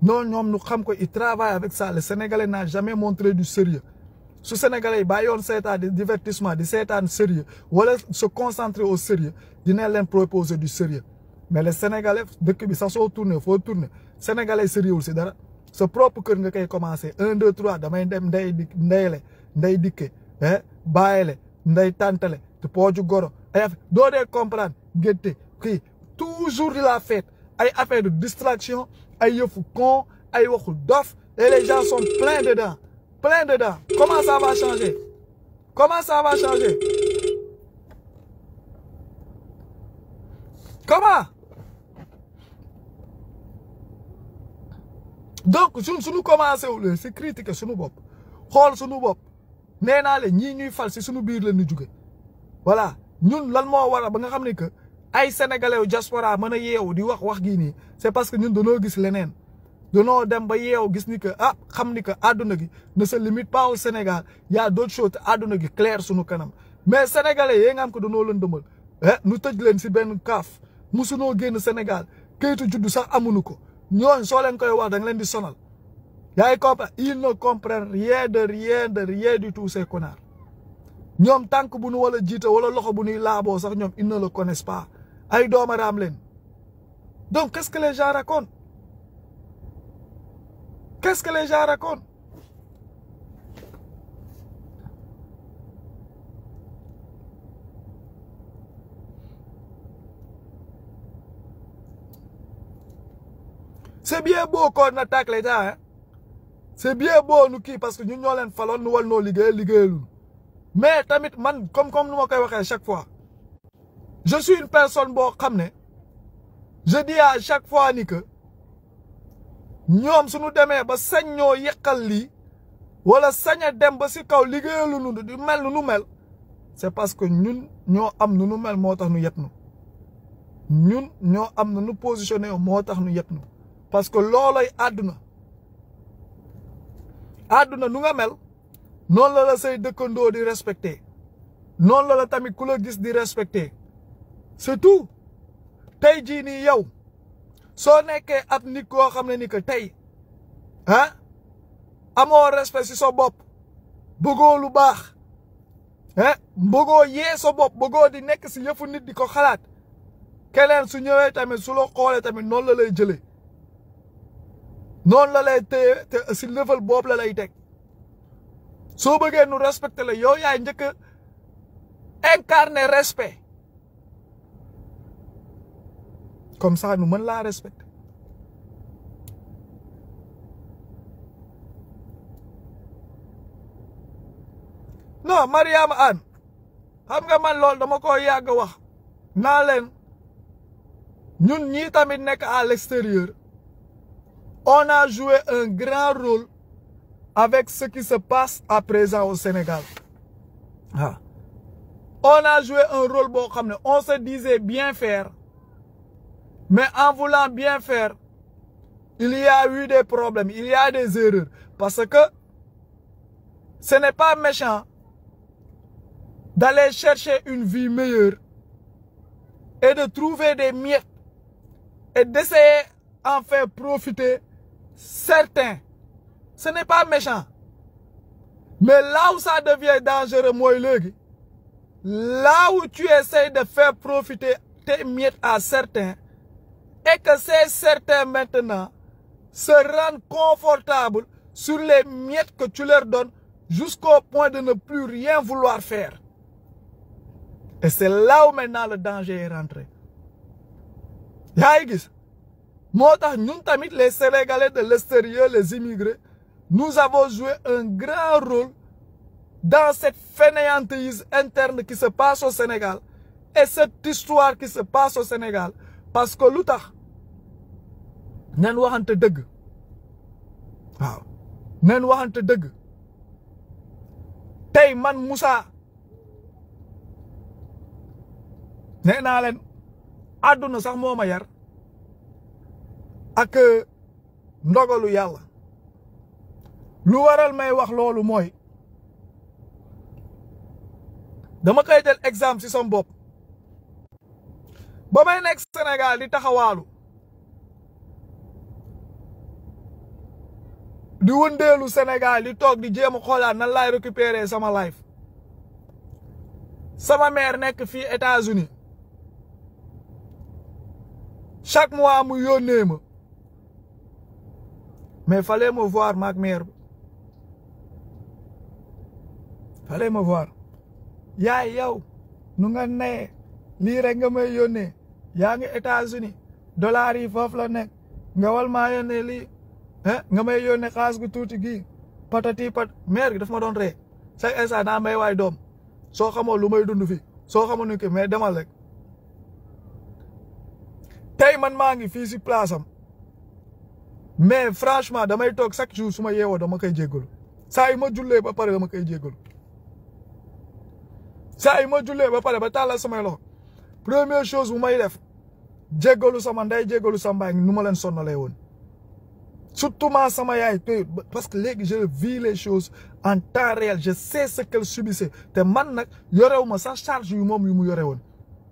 non ñom ñu xam ko ils travaillent avec ça le sénégalais n'a jamais montré du sérieux ce sénégalais yi bàyyoon seetaan di divertissement de setan sérieux wala se concentrer au sérieux dina leen proposer du sérieux mais les sénégalais deuk bi ça faut tourné faut tourner sénégalais sérieux wul dara ce propre cœur nga kay commencer 1 2 3 damay dem ndey di ndeyale ndey dikke eh bàyyile nday tantale te pooju goro ay affaire doo dee comprendre gétte qui toujours de la fête ay affaire de distraction ay yëfu con ay waxu dof et les gens sont pleins dedans Pleins dedans comment ça va changer comment ça va changer comment donc si nous commencé c'est critique suñu bop. xool nous bop. Nenale naa ñi ñuy fal ci suñu biir la ñu jóge voilà ñun lan mo wara ba nga xamné que ay sénégalais diaspora mëna yéw di wax wax gi ni c'est parce que ñun danoo gis dem ba yéw gis ni que ah xam ni que aduna gi ne se limite pas au Sénégal y d'autres choses aduna gi clair suñu kanam mais sénégalais yé nga xam que leen eh nu tejj leen si ben kaf musuno génn Sénégal kayitu juddu sax amunu ko ñoon so leen koy wax da nga leen di sonal Ils ne comprennent rien de rien de rien du tout ces connards. Ils tant que nous wala jiite wala loxo ils ne le connaissent pas donc qu'est-ce que les gens racontent qu'est-ce que les gens racontent c'est bien beau qu'on attaque les hein c'est bien beau nous qui parce que nous ñoo nous faloon mais tamit man comme comme nous à chaque fois je suis une personne bon je dis à chaque fois ni que nous suñu nous ba bas wala sommes c'est parce que nous ñoo am Nous nu mel tax nu am positionné parce que aduna nu nga mel non la la say dëkkandoo di respecter non la la tamit kula gis di c'est tout tay ji ni yow so nekkee ab nit ko xam ni ke tay ah amo respect ci so bop bëggoo lu bax hein ah, bëggoo di nekk si yëfu nit di ko xalaat keneen su ñëwee tamit su lo xolé tamit non la lay jëlé noonu la lay téye te si level boobu la lay teg soo bëggee nu respecté la yow yaay njëkk a incarner respect comme ça nu mën laa respecté non Mariama Anne xam nga man lool dama ko yàgg wax naa leen ñun ñii tamit nekk à l'extérieur on a joué un grand rôle avec ce qui se passe à présent au Sénégal. Ah. On a joué un rôle, bon, on se disait bien faire, mais en voulant bien faire, il y a eu des problèmes, il y a des erreurs. Parce que ce n'est pas méchant d'aller chercher une vie meilleure et de trouver des miettes et d'essayer en faire profiter certains. Ce n'est pas méchant. Mais là où ça devient dangereux, moi, là où tu essayes de faire profiter tes miettes à certains, et que ces certains maintenant se rendent confortables sur les miettes que tu leur donnes jusqu'au point de ne plus rien vouloir faire. Et c'est là où maintenant le danger est rentré. Yaïgis, moi, nous, tamit les sénégalais de l'extérieur les immigrés nous avons joué un grand rôle dans cette fainéantise interne qui se passe au Sénégal et cette histoire qui se passe au Sénégal parce que l'outa, nous avons waxante dëgg waaw neen waxante dëgg tey man Moussa nee nous sax yar ak euh, ndogalu yàlla lu waral may wax loolu mooy dama koy exemple ci sama bopp ba may nekk Sénégal di taxawaalu di wëndeelu senegal di toog di jéem a xoolaat nan laay récupérer sama life sama mère nekk fii États-Unis chaque mois mu yónnee ma Mais fallait me voir, Mac Mère. Fallait me voir. yaa yow nu nga nee lii rek nga may yónnee yaa ngi États-Unis dollars yi foofu la nekk nga wal maa yónnee lii nga may yónnee xaas gu tuuti gii patati pat mère gi daf ma doon ree chaque instant daa may waay doom soo xamoo lu may dund fii soo xamoo nu ki mais demal rek tey man maa ngi fii si mais franchement damay toog chaque jour su ma yeewoo dama koy jéggalu saa yi ma jullee ba pare dama koy jéggalu saa yi ma jullee ba pare ba tàllal samay loxo première chose bu may def jéggalu sama nday jéggalu sama mbaay nu ma leen sonnalee woon surtout ma sama yaay parce que léegi je vis les choses en temps réel je sais te man nag yorewu ma sa charge yu moom yu mu yore woon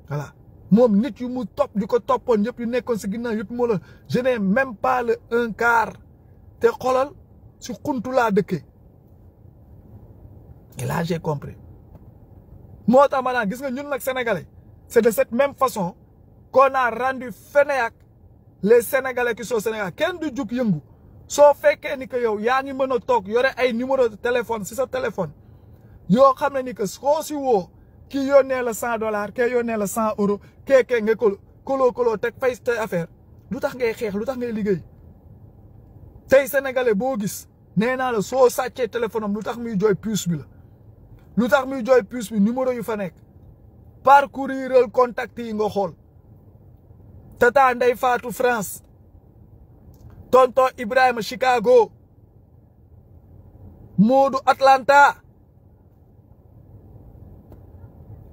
voilà Moi, nit yu mu top, diko topone toppoon yu nekkon ci ginnaaw yëpp mo la je n'ai même pas le un quart te xolal si xuntu la dëkkee et là j'ai compris mota tax ma gis nga ñun nak sénégalais c'est de cette même façon qu'on a rendu feneyak les sénégalais qui sont sénégal ken du jug yëngu so féké ni que yow Y'a ngi mën a toog ay numéro de téléphone si sa téléphone yo xamné ni que soo si wo ki yónnee la cent dollars kee yónnee la cent euros kee kee nga ko koloo fay te affaire lu tax ngay xeex lu tax ngay liggéey tey sénégalais boo gis nee naa la soo sàccee téléphone am lu tax muy jooy puce bi la. lu tax muy jooy puce bi numéro yu fa nekk parcourir contact yi nga xool tata Ndeye Fatou France tonton Ibrahima Chicago Moodu Atlanta.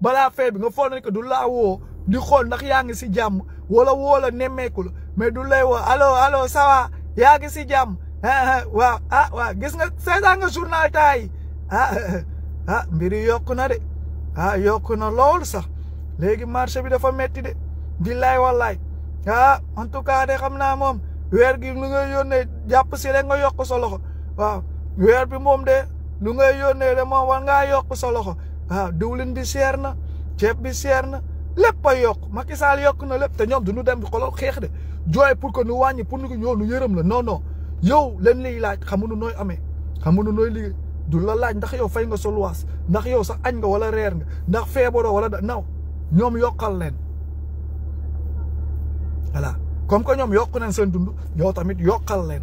balaa fee bi nga foog ne que du laa woo di xool ndax yaa ngi si jàmm wala woo la nemmeeku la mais du lay woo allo alo ça va yaa ngi si jàmm waaw ah waaw gis nga seetaan nga journal taay ah [LAUGHS] ah mbir yi yokku na de ah yokku na lool sax léegi marché bi dafa metti de di lay wallaay a ah, en tout cas de xam naa moom weer gi lu ngay yónnee jàpp si rek nga yokk sa loxo waaw weer bi moom de lu ngay yónnee de moom war ngaa yokk sa loxo waaw ah, diwlin bi seer na ceeb bi seer na lépp a yokk Macky Sall yokk na lépp te ñoom du ñu dem kolo xeex de jooy pour que nu wàññi pour que ñoo nu yërëm la noonoo yow leen liy laaj xamuñu nooy amee xamuñu nooy liggéey du la laaj ndax yow fay nga sa ndax yow sax añ nga wala reer nga ndax feebaroo wala da naw ñoom yokkal leen voilà comme que ñoom yokk nañ seen dund yow tamit yokkal leen.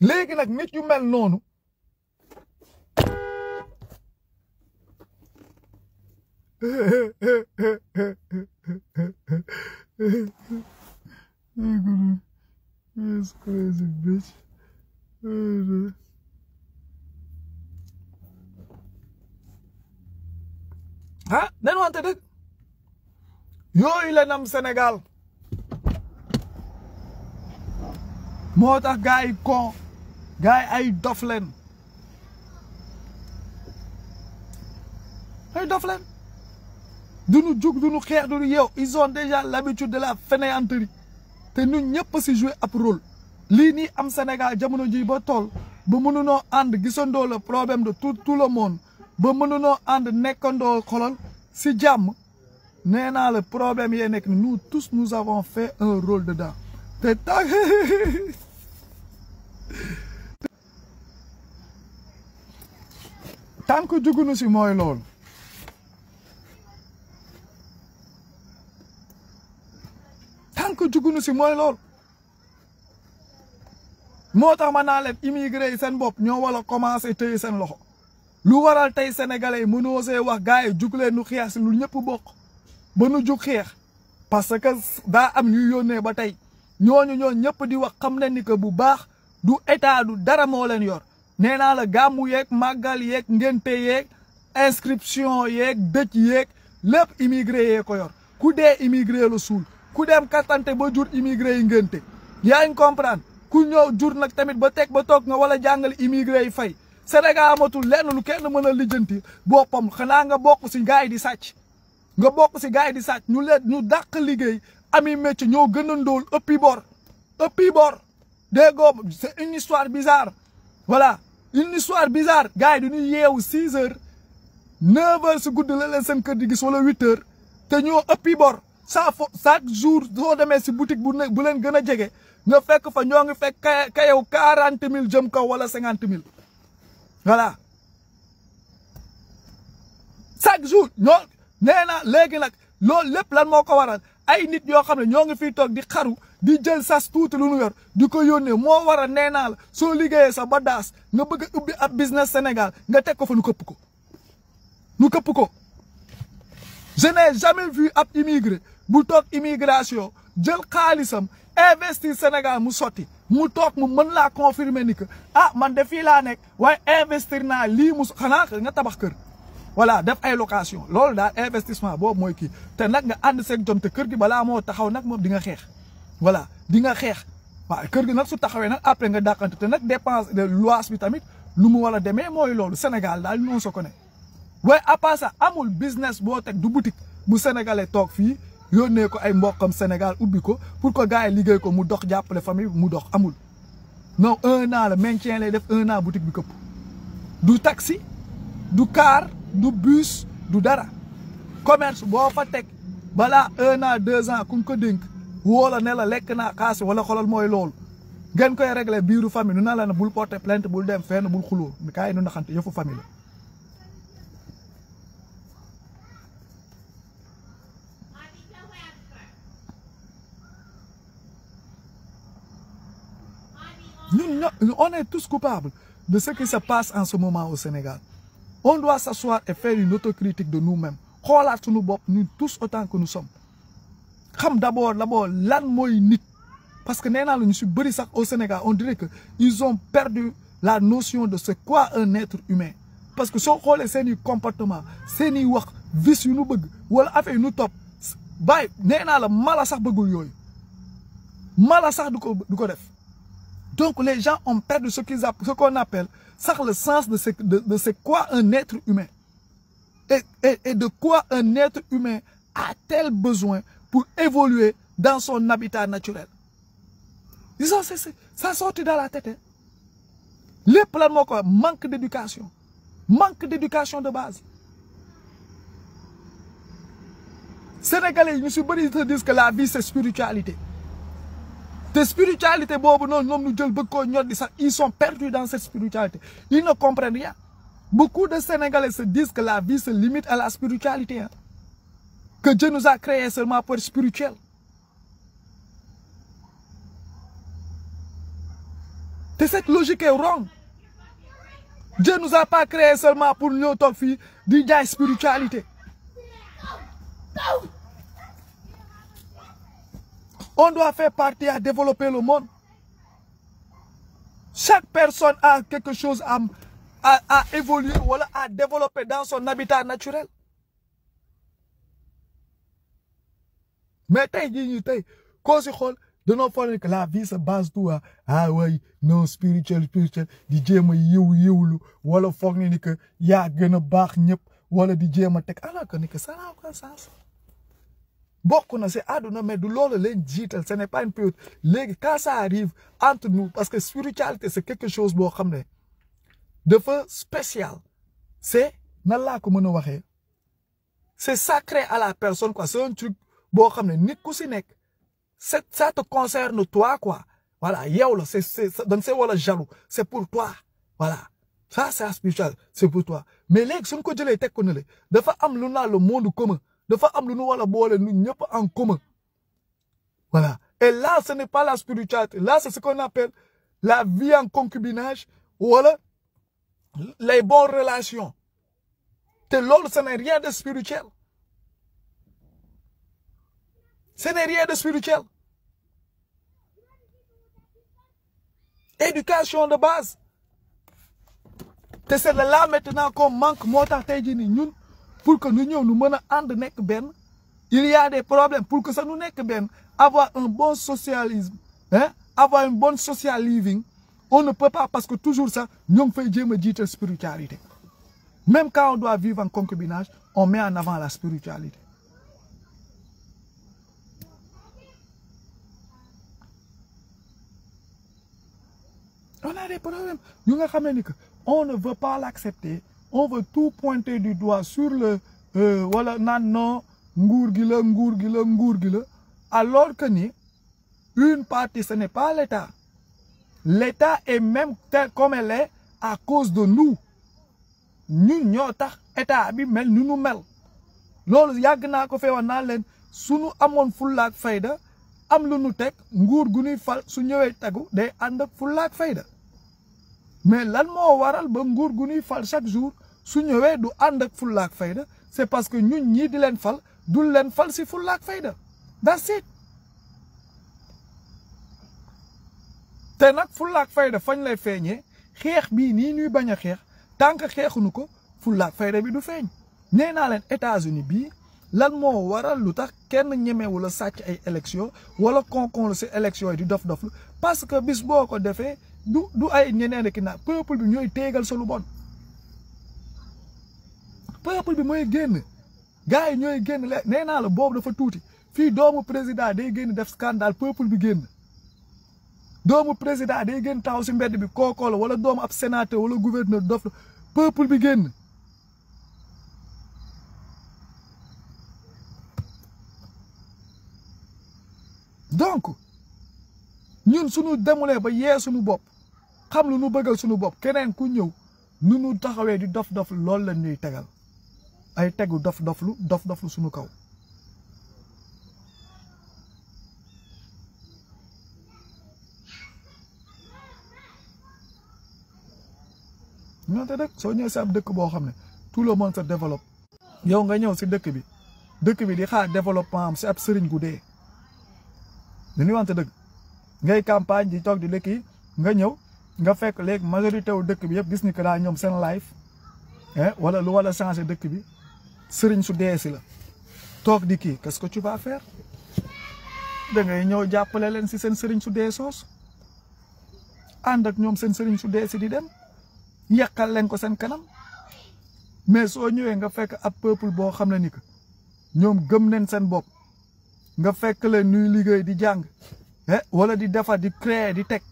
léegi nag nit yu mel noonu ah nen wante dëgg yooyu la nam Sénégal moo tax gaay yi Guy, yi ay dof leen ay nous leen duñu jug duñu xeex duñu yeew ils ont déjà l'habitude de la fainéanterie Nous ñun ñëpp si jouer ab rôle Lini nii am Sénégal jamono nous ba tool ba mënunoo and gisandoo le problème de tout tout le monde ba mënunoo and nekkandoo xolal si Jam, n'est le problème yee nekk nous tous nous avons fait un rôle dedans te [LAUGHS] tànk jugunu si mooy loolu tànk jugunu si mooy loolu moo tax ma naa leen immigré yi seen bopp ñoo war a commencé téye seen loxo lu waral tey sénégalais yi mënoo see wax gars yi jug leen nu xeex si lu ñëpp bokk ba nu jug xeex parce que daa am ñuy yónnee ba tey ñooñu ñoo ñëpp di wax xam ne ni que bu baax du état du dara moo leen yor nee naa la gàmmu yeeg màggal yeeg ngénte yeeg inscription yeeg dëj yeeg lépp immigré yee ko yor ku dee immigré la suul ku dem kattante ba jur immigré yi ngénte yaa ngi comprendre ku ñëw jur nag tamit ba teg ba toog nga wala jàngale immigré yi fay Sénégal amatul lenn lu kenn mën a lijjanti boppam xanaa nga bokk si gaay di sàcc nga bokk si gaay di sàcc ñu leen ñu dàq liggéey ami métier ñoo gën a ndóol ëppi bor ëppi bor déggoo c'est une histoire bizarre voilà une histoire bizarre gars yi dañuy yeewu 6 heures 9 heures su gudd la leen seen kër di gis wala 8 heures te ñoo ëppi bor saa fo chaque jour soo demee si boutique bu bu leen gën a jege nga fekk fa ñoo ngi fekk ka yow 40 000 jëm kaw wala 50 000 voilà chaque jour ñoo nee na léegi nag loolu lépp lan moo ko waral ay nit ñoo xam ne ñoo ngi fiy toog di xaru. di jël sas tuuti lu ñu yor di ko mo wara war so liggéey nga bëgg ubbi ab business Sénégal nga tek ko fa ñu kopp ko ñu kopp ko je n'ai jamais vu ab immigré bu tok immigration jël xaalisam investir Sénégal mu soti mu tok mu mën la confirmer ni que ah man nek, wa nek way investir na li mu xana nga tabax kër voilà def ay location Lol da investissement bob moy ki te nak nga and seeg jom te kër gi bala mo taxaw nak mom di nga xex voilà dinga nga xeex waaw gi nak su après nga de lois bi tamit Sénégal non so connaît à ça amul business est tek du boutique bu sénégalais ko ay mbokam Sénégal ubbi ko pour que gars yi ko mu dox famille mu dox amul non un an la maintien lay def un an boutique bi du taxi du car du bus du dara commerce bo fa un an deux ans woo la ne la lekk naa xaas wala xolal moy lol gën koy régler biiru famille nu na la ne bul porter plainte bul dem fenn bul xuloo mi kay nu naxante yofu famille la Nous, nous, on est tous coupables de ce qui se passe en ce moment au Sénégal. On doit s'asseoir et faire une autocritique de nous-mêmes. Nous tous autant que nous sommes xam d'abord, d'abord, d' nit parce que nous, naa au Sénégal on dirait que ils ont perdu la notion de ce quoi un être humain parce que soo xoolee c'est i comportement c'est i wax vice yu nu bëgg wala affaire yu nu topp bàyyi la mala sax bëggul du ko def donc les gens ont perdu ce qu'on appelle sax le sens de ce de de quoi un être humain et et et de quoi un être humain a-t-il besoin pour évoluer dans son habitat naturel. Disons, ont cessé. ça sortit dans la tête. Hein. Les plans manque d'éducation. Manque d'éducation de base. Sénégalais, ils se disent que la vie, c'est spiritualité. De spiritualité, ils sont perdus dans cette spiritualité. Ils ne comprennent rien. Beaucoup de Sénégalais se disent que la vie se limite à la spiritualité. Hein que Dieu nous a créés seulement pour le spirituel. cette logique est wrong Dieu nous a pas créés seulement pour nous d'une spiritualité on doit faire partie à développer le monde chaque personne a quelque chose à à évoluer ou à développer dans son habitat naturel mais tey jii ñu tey koo si xool danoo foog que la vie se base tout à hein. ah way non spirituel spirituel DJ jéem a yiw yiwlu wala foog ne ni que y'a, gën a baax ñëpp wala di jéem tek, teg alors que ni que ça n'a aucun sens a na ah non mais du loolu leen jiital ce n'est pas une priorité les quand ça arrive entre nous parce que spiritualité c'est quelque chose boo xam de fait spécial c'est n'a laa ko mën a c'est sacré à la personne quoi c'est un truc ça te concerne toi quoi voilà yow c'est c'est da c'est jaloux c'est pour toi voilà ça c'est spirituel c'est pour toi mais les gens que jëlee été ko de faire dafa am lu le monde commun faire am lu nu wala boole nu ñëpp en commun voilà et là ce n'est pas la spiritualité là c'est ce qu'on appelle la vie en concubinage voilà les bonnes relations Et loolu ce n'est rien de spirituel ce n'est rien de spirituel. Éducation de base. c'est là maintenant qu'on manque mon pour que nous, nous menions en il y a des problèmes pour que ça nous que bien. avoir un bon socialisme hein avoir un bon social living on ne peut pas parce que toujours ça nous faisons une spiritualité même quand on doit vivre en concubinage on met en avant la spiritualité on a des problèmes nga que on ne veut pas l'accepter on veut tout pointer du doigt sur le wala euh, naan non nguur gi la alors que ni une partie ce n'est pas l'État l'État est même tel comme elle est à cause de nous nous ñoo tax état bi mel ni nous mel Lolu yag na ko fee na len suñu sunu amonfula fulla fayda am lu nu teg nguur gu ñuy fal su ñëwee tegu day ànd ak fulla fayda mais lan moo waral ba nguur gu ñuy fal chaque jour su ñëwee du ànd ak fulla ak fayda c'est parce que ñun ñii di leen fal dul leen fal si fulla ak fayda that's it te nag fulla fayda fañ lay feeñee xeex bii nii ñuy bañ a xeex tant que xeexuñu ko fulla ak fayda bi du feeñ nee naa leen États-Unis bii lan moo waral lu tax kenn ñemewu la sàcc ay élection wala konkon si élection yi di dof dof parce que bis boo ko defee du du ay ñeneen ki na peuple bi ñooy teegal sa bon peuple bi mooy génn gars yi ñooy génn le nee naa la boobu dafa tuuti fii doomu président day génn def scandale peuple bi génn doomu président day génn taaw si mbedd bi kookoo la wala doomu ab sénateur wala gouverneur dof peuple bi génn donc ñun suñu demulee ba yee suñu bopp xam lu nu bëggal suñu bopp keneen ku ñëw nu nu taxawee di dof-dof loolu la ñuy tegal ay tegu dof-doflu dof-doflu suñu kaw ñoonte dëkk soo ñëw si ab dëkk boo xam ne tout le monde se développe yow nga ñëw si dëkk bi dëkk bi di xaar développement am si ab sëriñ gu dee dañuy wante dëgg ngay campagne di toog di lekki nga ñëw nga fekk léegi majorité wu dëkk bi yëpp gis ni que daa ñoom seen live wala lu wala changé dëkk bi sëriñ su deesi la toog di kii qu'est-ce que tu vas faire da ngay ñëw jàppale leen si seen sëriñ su dee soos ànd ak ñoom seen sëriñ su dee si di dem yàqal leen ko seen kanam mais soo ñëwee nga fekk ab peuple boo xam ne ni que ñoom gëm nañ seen bopp. nga fekk leen ñuy liggéey di jàng wala di defar di créer di teg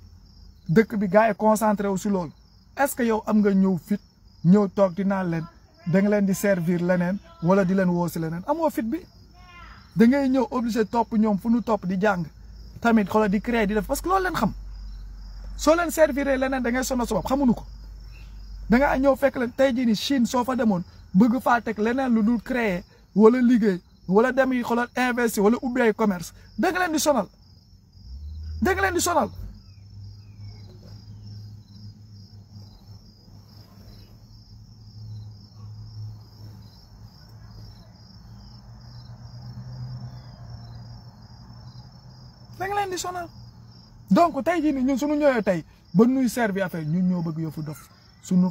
dëkk bi gars yi concentré wu si loolu est-ce que yow am nga ñëw fit ñëw toog di naan leen da nga leen di servir leneen wala di leen woo si leneen amoo fit bi da ngay ñëw obligé topp ñoom fu nu topp di jàng tamit xoolal di créer di def parce que loolu leen xam soo leen servir leneen da ngay sonal sa bopp xamuñu ko da nga ñëw fekk leen tey jii ni Chine soo fa demoon bëgg faa teg leneen lu dul créer wala liggéey. wala dem yi investir wala ubbi commerce nous len di sonal deug di sonal donc tay nous ni ñun nous tay ba nous servir, affaire ñun ñoo bëgg yofu dof suñu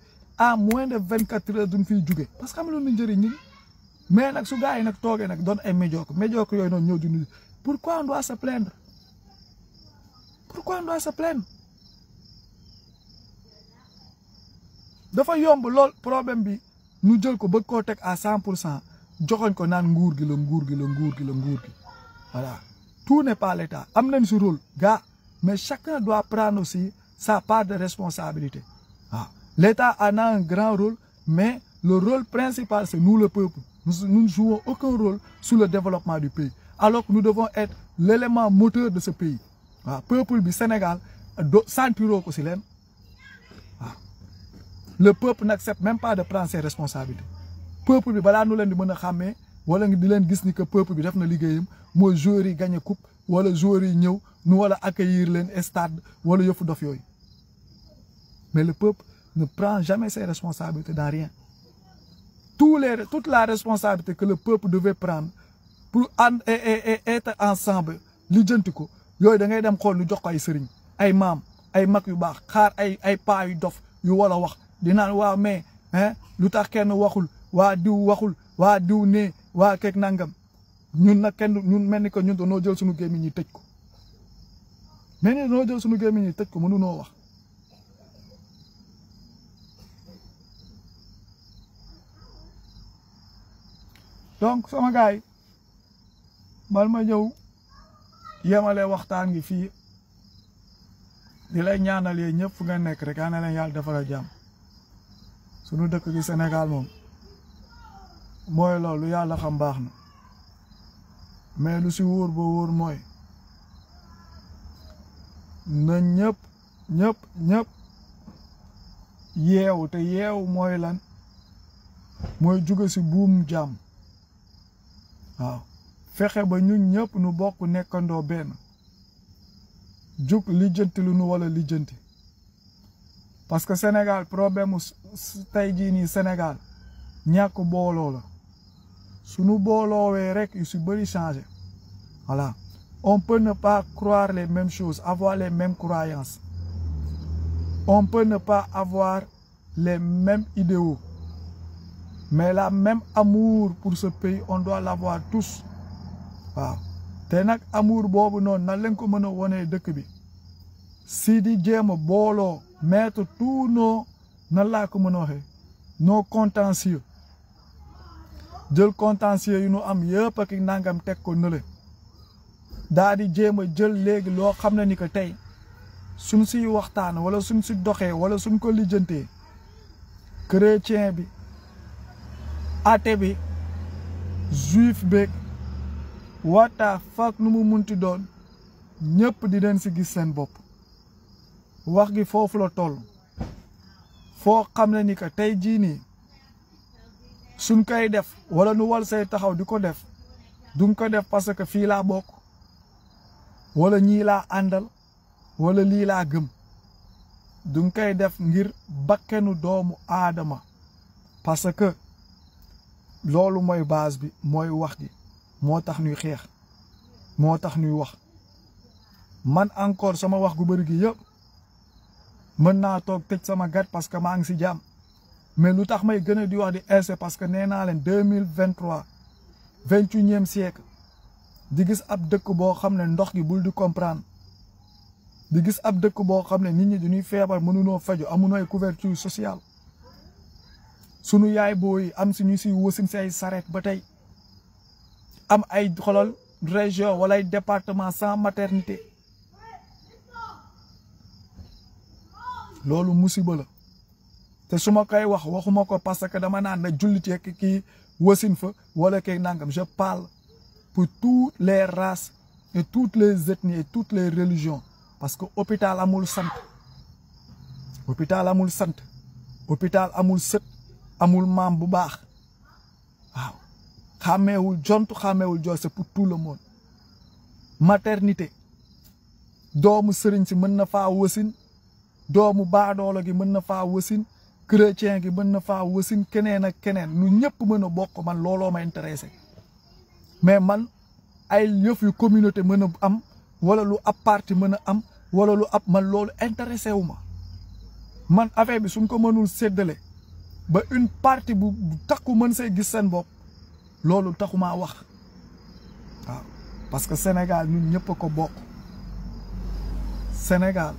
à moins de 24 heures d'une fille jugée parce que am lu njëriñ ñi mais nak su gaay nak togué nak doon ay médiocre médiocre yoy non ñew di pourquoi on doit se plaindre pourquoi on doit se plaindre dafa yomb lool problème bi ñu jël ko bëgg ko tek à 100% joxoñ ko naan nguur gi la nguur gi la nguur gi la nguur gi voilà tout n'est pas l'état am nañ ci rôle gars mais chacun doit prendre aussi sa part de responsabilité ah L'État en a un grand rôle, mais le rôle principal, c'est nous, le peuple. Nous, nous, ne jouons aucun rôle sur le développement du pays. Alors que nous devons être l'élément moteur de ce pays. Le ah, peuple du Sénégal, sans ah. bureau Le peuple n'accepte même pas de prendre ses responsabilités. Le peuple, nous le wala di leen gis ni le peuple bi def na liggéeyam mooy joueurs yi gagné coupe wala joueurs yi Nous nu accueillir les stade wala yëfu dof mais le peuple ne prend jamais ses responsabilités dans rien. Tout les, toute la responsabilité que le peuple devait prendre pour en, être ensemble, li yoy yo da ngay dem xol ñu jox ko ay serigne, ay mam, ay mak yu bax, xaar ay ay pa yu dof yu wala wax di wa mais hein, lu tax kenn waxul wa diw waxul wa diw ne, wa kek nangam ñun nag kenn ñun melni ko ñun do no jël suñu gémmiñ ñi ko mais no dañoo jël suñu ñi ko wax donc sama gaay bal ma ia yemale waxtaan gi fi nyana lay ñaanal yéen ñëpp nga nek rek ana ne yalla dafa la jam suñu dëkk gi Sénégal mom moy loolu yalla xam baax na mais lu si woor bo woor moy na ñepp ñepp ñepp yew te yew moy lan moy ci boom jam waaw ba ñun ñëpp ñu bokk nekkandoo benn jug lijjanti lu nu wala lijjanti parce que Sénégal problème tay jii ni Sénégal ñak booloo la suñu wé rek yu si bari changer. voilà on peut ne pas croire les mêmes choses avoir les mêmes croyances on peut ne pas avoir les mêmes idéaux mais la même amour pour ce pays on doit l'avoir tous waaw te nag amur boobu noonu nan lañ ko mën a wonee dëkk bi sii di jéem a booloo mettre tous nos nan laa ko mën a waxee nos contentieux jël contentieux yu nu am yëpp ak nangam teg ko nële daa di jéem a jël léegi loo xam ne ni que tey suñ siy waxtaan wala suñ si doxee wala suñ ko lijjantee chrétien bi aate bi juif beeg wata fak nu mu munti doon ñëpp di leen si gis seen bopp wax gi foofu la toll foo xam ne ni que tey jii nii suñ koy def walla nu wal say taxaw di ko def duñ ko def parce que fii laa bokk wala ñii laa àndal walla lii laa gëm duñ koy def ngir bakkenu doomu aadama parce loolu mooy base bi mooy wax gi moo tax ñuy xeex moo tax ñuy wax man encore sama wax gu bëri gi yëpp mën naa toog tëj sama gat parce que maa ngi si jàmm mais lu tax may gën a di wax di est parce que nee naa leen deux mille vingt trois vingt unième di gis ab dëkk boo xam ne ndox gi bul di comprendre di gis ab dëkk boo xam ne nit ñi dañuy feebar mënunoo faju amunooy couverture sociale sunu yaay booy am si ñu si wasin si ay saret ba tey am ay xolal région wala ay département sans maternité loolu musiba la te su ma koy wax waxuma ko parce que dama naan na jullit yeeg kii wasin fa wala kay nangam je parle pour toutes les races et toutes les ethnies et toutes les religions parce que hôpital amul sant hôpital amul sant hôpital amul sët amul maam bu baax waaw xàmmewul jont xàmmeewul jooy c'est pour tout le monde maternité doomu sëriñ si mën na faa wasin doomu baadoolo gi mën na faa wasin chrétien gi mën na faa wasin keneen ak keneen lu ñëpp mën a bokk man looloo ma intéressé mais man ay yëf yu communauté mën a am wala lu ab parti mën a am wala lu ab man loolu intéressé wu ma man affaire bi suñ ko mënul séddale ba une partie bu takku mën say gis seen bopp loolu taxumaa wax waaw parce que Sénégal ñun ñëpp ko bokk Sénégal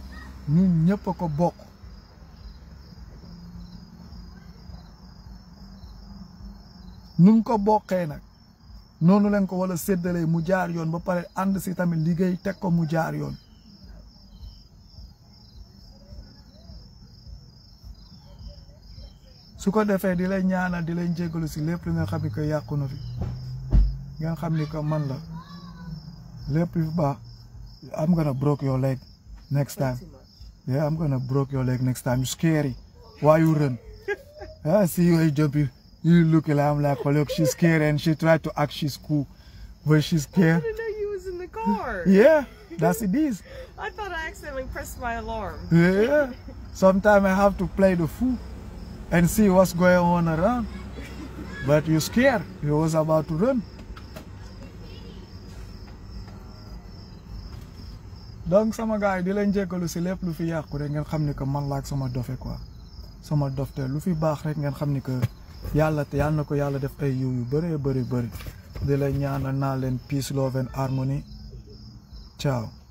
ñun ñëpp ko bokk nun ko boqee nag noonu leen ko wala séddalee mu jaar yoon ba pare ànd si tamit liggéey teg ko mu jaar yoon su ko defee ñaanal di lay jégalu lépp nga xam ni que fi ngeen xam ni man la lépp lu i am gonna broke your leg next time yeah am gonna broke your leg next time you scary why you run I see you jump you look like I'm like look she's scared and she tried to act she's cool but she's scared. Car. [LAUGHS] Yeah, that's it is. I thought I accidentally pressed my alarm. Yeah. Sometimes I have to play the fool and see what's going on around. But you're scared. He was about to run. donc sama gars di leen jéggalu si lépp lu fi yàqu rek ngeen xam que man laak sama dofe quoi sama dofte lu fi baax rek ngeen xam que yàlla te yàlla na yàlla def ay yiw yu bëree bëri di la ñaanal naa leen peace love and harmony ciao